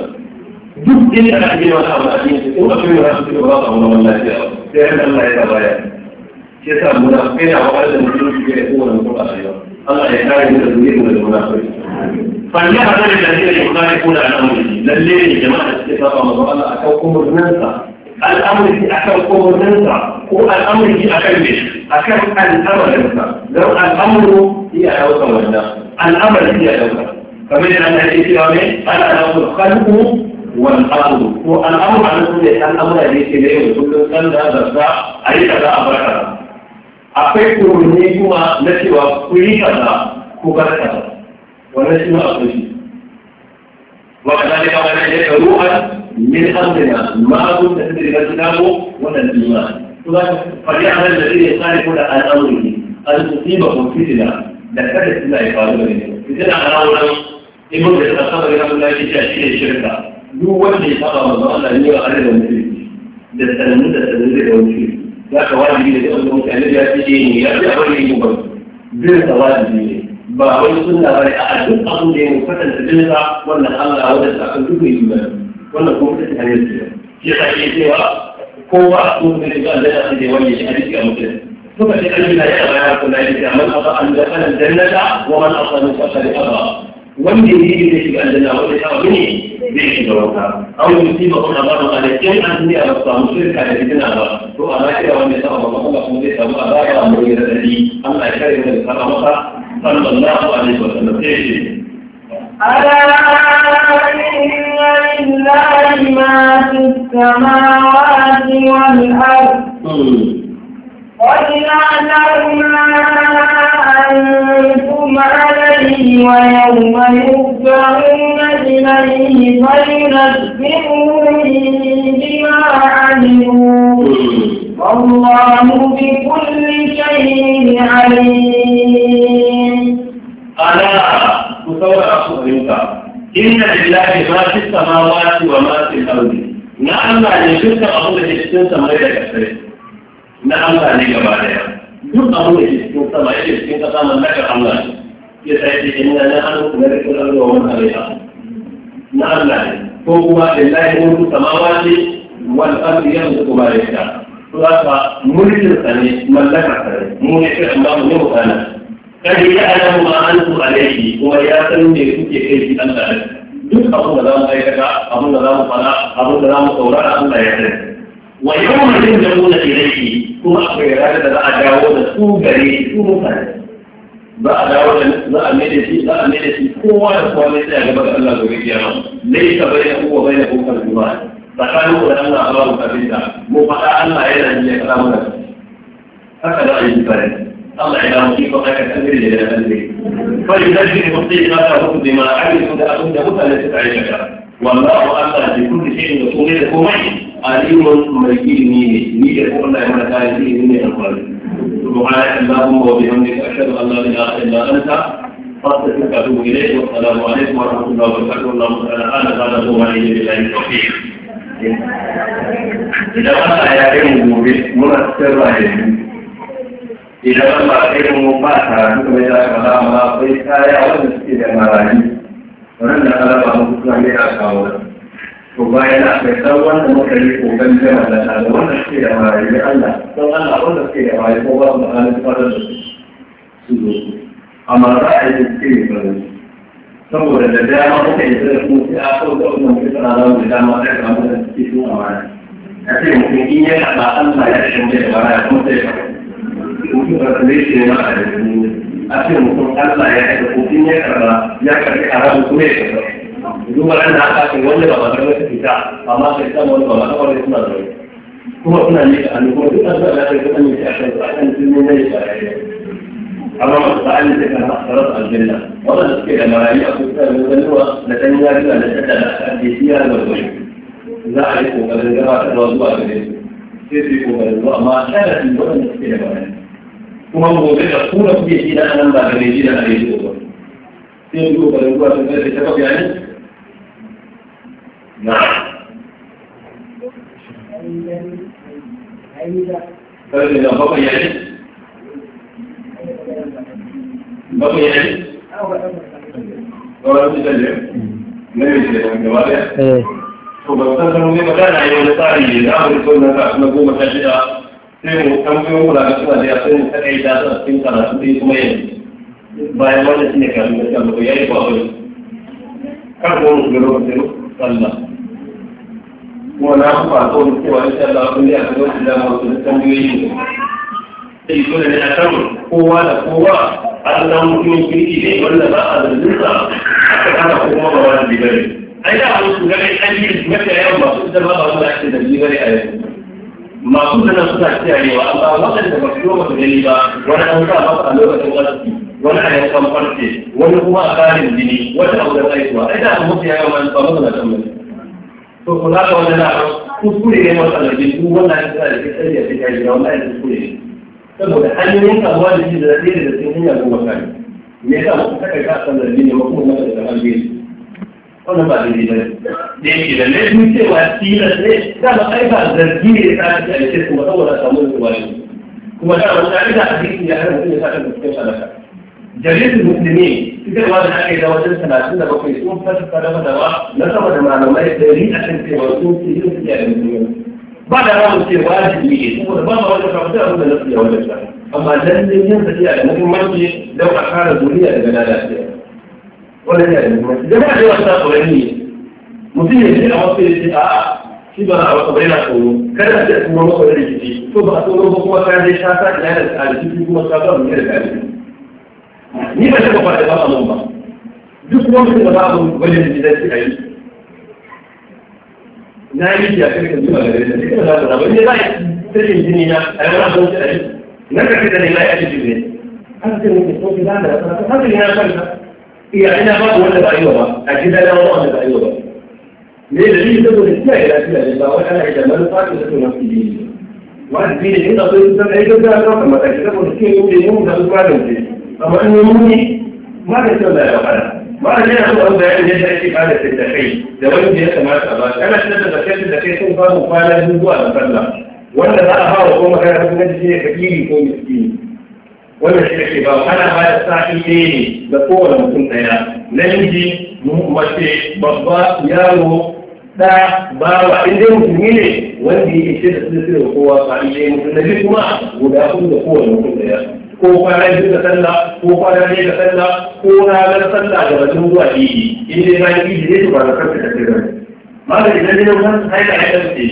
duk inda ake magana a cikin ko a cikin munafiki ba ba mu wallahi ya sai Allah ya tabaya shi yasa munafiki na wa'azi da mutum ke da kowane mutum a rayuwa Allah ya kare mu da zuriyar da munafiki فالله هذا الذين يخالفون عن امره لليل جماعه اتفاق الله اكوكم الناس الأمر في أكل قوه هو الأمر في أكل مش أكل الأمر نسا لو الأمر هي أوسع ولا الأمر هي أوسع فمن أن الإسلام الأمر خلقه والأمر هو الأمر على كل الأمر الذي يليه كل سنة بس أي كذا أبرك أقول كونيكما نسوا كل كذا كذا ونسوا أقول وكذلك من يدعو روحا من أمرنا ما كنت تدري الكتاب ولا الإيمان فليعمل الذين يخالفون عن أمره أن تصيبهم فتنة لكتبت الله يقالون فتنة على أولا إمام الخطاب رحمه الله في تأشير الشركة duk wanda ya saba manzo Allah ne ya kare da mutum da sanin da sanin da mutum ya ka wani ne da wanda mutane ya ce ne ya ce abin ne ba bin sawadi ne ba wani sunna bane a duk abin da ya mutanta dinsa wannan Allah wanda ta kan duk yi ba wannan kuma ta tare da shi ya ke cewa kowa mun ne ga Allah da ce wani ya ji ga mutum kuma sai Allah ya yi bayani kuma ya ce man aba an da kana jannata wa man aba an da kana aba wanda ya yi da shiga aljanna wanda ya samu ne zai shiga wuta an yi musiba ko da baro kin an ne a samu shirka da fitina ba to a lafiya wanda ya samu ba Allah kuma zai samu azaba a mai radadi Allah ya kare mu da karama sallallahu alaihi wa sallam sai ألا إن لله ما في السماوات والأرض قد أعلمنا أنتم عليه ويوم يرجعون إليه فينبئهم بما علموا والله بكل شيء عليم ألا مصورة أخوة إن لله ما في السماوات وما في الأرض na Allah ne duk abin da ke cikin sama ya daga sai na Allah ne gaba daya duk abin da ke cikin sama ya cikin kasa mallakar Allah ne ya sai ce inna na an kuma da kula da wannan alaiha na Allah ne ko kuma lillahi mulku samawati wal ardi yanzu ba ya ta to haka mulkin sa ne mallakar sa ne mu ne shi Allah ne mu kana kada ya alamu ma an su alaihi kuma ya san me kuke kai shi Allah ne duk abin da za mu aikata abin da za mu fara abin da za mu saurara Allah ya sani wa yawma yurjauna ilayhi kuma akwai ranar da za a dawo da su gare su mutane za a dawo da za a mai da shi za a mai da shi kowa da kowa ne sai a gaba da Allah gobe kiyama laisa bainahu wa bainahu kaljuman tsakanin ku da Allah babu kabila mu faɗa Allah yana yi ya kara mana haka da a yi tsare طلع إلى مصيب وقال الأمر إلى أمره فلينجي مصيب ما تأخذ بما عمل كنت أخذ مثلا التي تعيشك والله أتى بكل شيء يقول لكم عليم مجيني نيجي قلنا يوم الثالثين مني القرآن سبحانك اللهم وبحمدك أشهد أن لا إله إلا أنت فاستغفرك وأتوب إليك والسلام عليكم ورحمة الله وبركاته اللهم تعالى أنا هذا هو علي بالله التوفيق إذا أنا يا رب مرسل رحمه idan ba kai mu ba karatu kuma ya ka ba ma akwai kaya wanda suke da marani wannan da Allah ba mu kuma ne ka kawo to bayan akwai san wannan muka ko kokarin jama'a da Allah wanda suke da marani Allah don Allah wanda suke da marani ko ba mu halin fara da su su zo su amma za a yi suke da marani saboda da dama muka yi sai mu sai a kawo da wannan kisa na da dama sai ka mu da suke su a a ce mutum in yana ba Allah ya shirya da marani kuma sai ya mutum ba zai shi ma a yanzu a ce mutum Allah ya haɗa kofin ya karɓa ya karɓi haramun kuma ya karɓa duk wannan da aka ce wanda ba ba ta wata fita amma sai ta wani ba ba ta wani suna zaune kuma suna ne ka annu kuma duk an zaɓa ta kuma ne a kan a kan sun ne ne ba ya amma masu ba'an da kan hasarar aljanna waɗanda suke da marayu a kusa da zanuwa da ɗan yariya da tattala a jesiya da wani za a yi ƙoƙarin gabatarwa zuwa gare su sai su yi ƙoƙarin zuwa amma kada su yi waɗanda suke da marayu kuma gobe da kuna kuke ji da nan ba da mai ji da mai ji ba sai yanzu ba da ruwa sun zai ta kafa yayin na kare da bakwai yayin bakwai yayin ɗaura su da jiyar na mai ji da gaba ɗaya to ba san sanin ne ba da na yi wani tsari ne da amurka na goma sha shida irin kamfanin wuraren suna da yasin ta kai da su cikin karatu dai kuma yanzu bayan wannan shine karatu da kan ya yi ba wani kan ko mu ga lokacin sallah kuma na kuma ko mu cewa insha Allah kun da ga wasu da mu da tambayoyi sai dole ne a kan kowa da kowa an san mutumin kirki ne wanda ba a zalunta aka kana kuma ba wani bibare ai da mu su ga kai an yi mafi yawan ba su da ba ba su da ake da bibare a yanzu masu da suna kiyayewa amma waɗanda ba su ba gani ba wani an sa masa a lokacin arziki wani a yankan farce wani kuma a ƙarin jini wani abu da tsaikuwa ai da mutu ya yawan ba mu da tambayi to ku za ka wani na kuskure ne masu arziki su wannan ya sa da ke tsaye da ke kaji da wannan ya kuskure ne saboda hanyoyin kamuwa da shi da ɗaya da cikin hanya goma kare me yasa ku saka ka san zargi ne ma kuma maka da kan biyu wannan ba daidai ba ne da yake da laifin cewa tilas ne da ba ai ba zargi ne ta da ake kuma saboda samun ruwa ne kuma da wani tsari da hadisi ya hana mutum ya sa da cikin sadaka jaridar musulmi fitarwa da aka yi da wajen talatin da bakwai sun fasa da fadawa na sama da malamai ɗari a kan cewa sun fi yin fiye da musulmi ba da ramu ce wajibi ne saboda ba ma wata kamata abin da na fiye wajen sa amma dan yin tafiya da muhimmanci don a kare duniya daga lalacewa wọ́n lẹ́yìn ẹ̀dùnmọ́ ìjọba àti ọ̀sán ọ̀rẹ́ ní mo sì yẹn ní àwọn tó lè ṣe àá sí bá àwọn ọ̀rẹ́ náà tòun kẹ́lẹ́ àti ẹ̀sùn wọn lọ́kọ̀ọ́ lè dìde tó bá tó lọ́kọ́ kó wá káyé ṣáṣá ìlànà àti fífi wọn ṣáṣá òun yẹn káyé. ní ìbẹ̀rẹ̀ kọ̀ọ̀kan ẹ̀ bá wọn lọ́wọ́ duk wani da ba mu wajen gidan su kai na yi ya kai kan zuwa gare da duk da ba wani ba ta yin jini na a yana son ta yi na ka kida ne na ya ji ne an ce ne ko ki da na ta ta ne na kanta يعني باب ولا بعيوبة أكيد أنا ما ولا بعيوبة ليه ليه تقول إزاي لا تلا إذا ولا إذا ما نفعت تقول نفسي واحد بين هنا طيب ده أي ده أنا ما تكتب ونسيه يقول لي مو ده بعد أما إنه مني ما تسمع يا ولد ما أنا أقول أن يعني هذا شيء هذا في الدخيل لو أنت هذا ما تبغى أنا شنو بكتب الدخيل كم فاهم فاهم هو أنا فلا وأنا بقى هاو هو ما كان هذا شيء كبير يكون مسكين wannan shi ake ba ana ba da sa'i ɗaya ne ga kowane mutum ɗaya namiji mace babba yaro ɗa bawa in dai musulmi ne wanda ya ce da silsila ga kowa sa'i ɗaya musulmi kuma guda hudu da kowane mutum ɗaya ko kwana biyu da sallah ko kwana ɗaya da sallah ko ranar sallah da batun zuwa ɗiɗi in dai ranar ɗiɗi ne to ba da kanka da sirri malam idan ne wannan haila ya ɗauke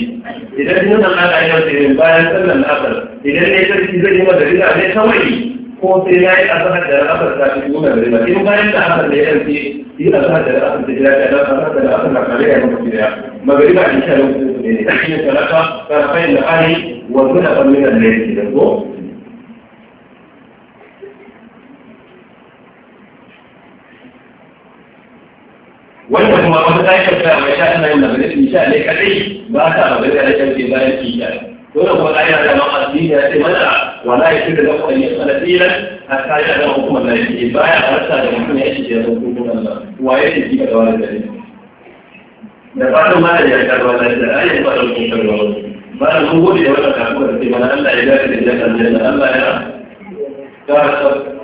idan ne wannan haila ya ɗauke bayan sallar asar idan ne sarki zai yi wa da rida ne kawai ko sai ya yi asanar da asar ta fi nuna da riba in bayan da asar da ya yanke yi asanar da asar da jira da asar da asar da kare ya mutu da magariba in sha yau su ne da shi ne talaka karfain da ari wa zuna ɓangaren da ya da ko wanda kuma wata ta yi kyauta mai sha ina yin magariba in sha ne kadai ba ta magariba da kyauta bayan in sha ولو ولا يعلم قلبي يأتي مدى ولا يشد له أن يسأل دينا حتى يعلم حكم الله يجي بايع حتى يكون يجي يقول الله ويجي كدوار ذلك نفعل ما لا يعتبر ولا يتعالى يقبل المنكر والله ما القبول يولد عقول في من أن عبادة الله أن الله يرى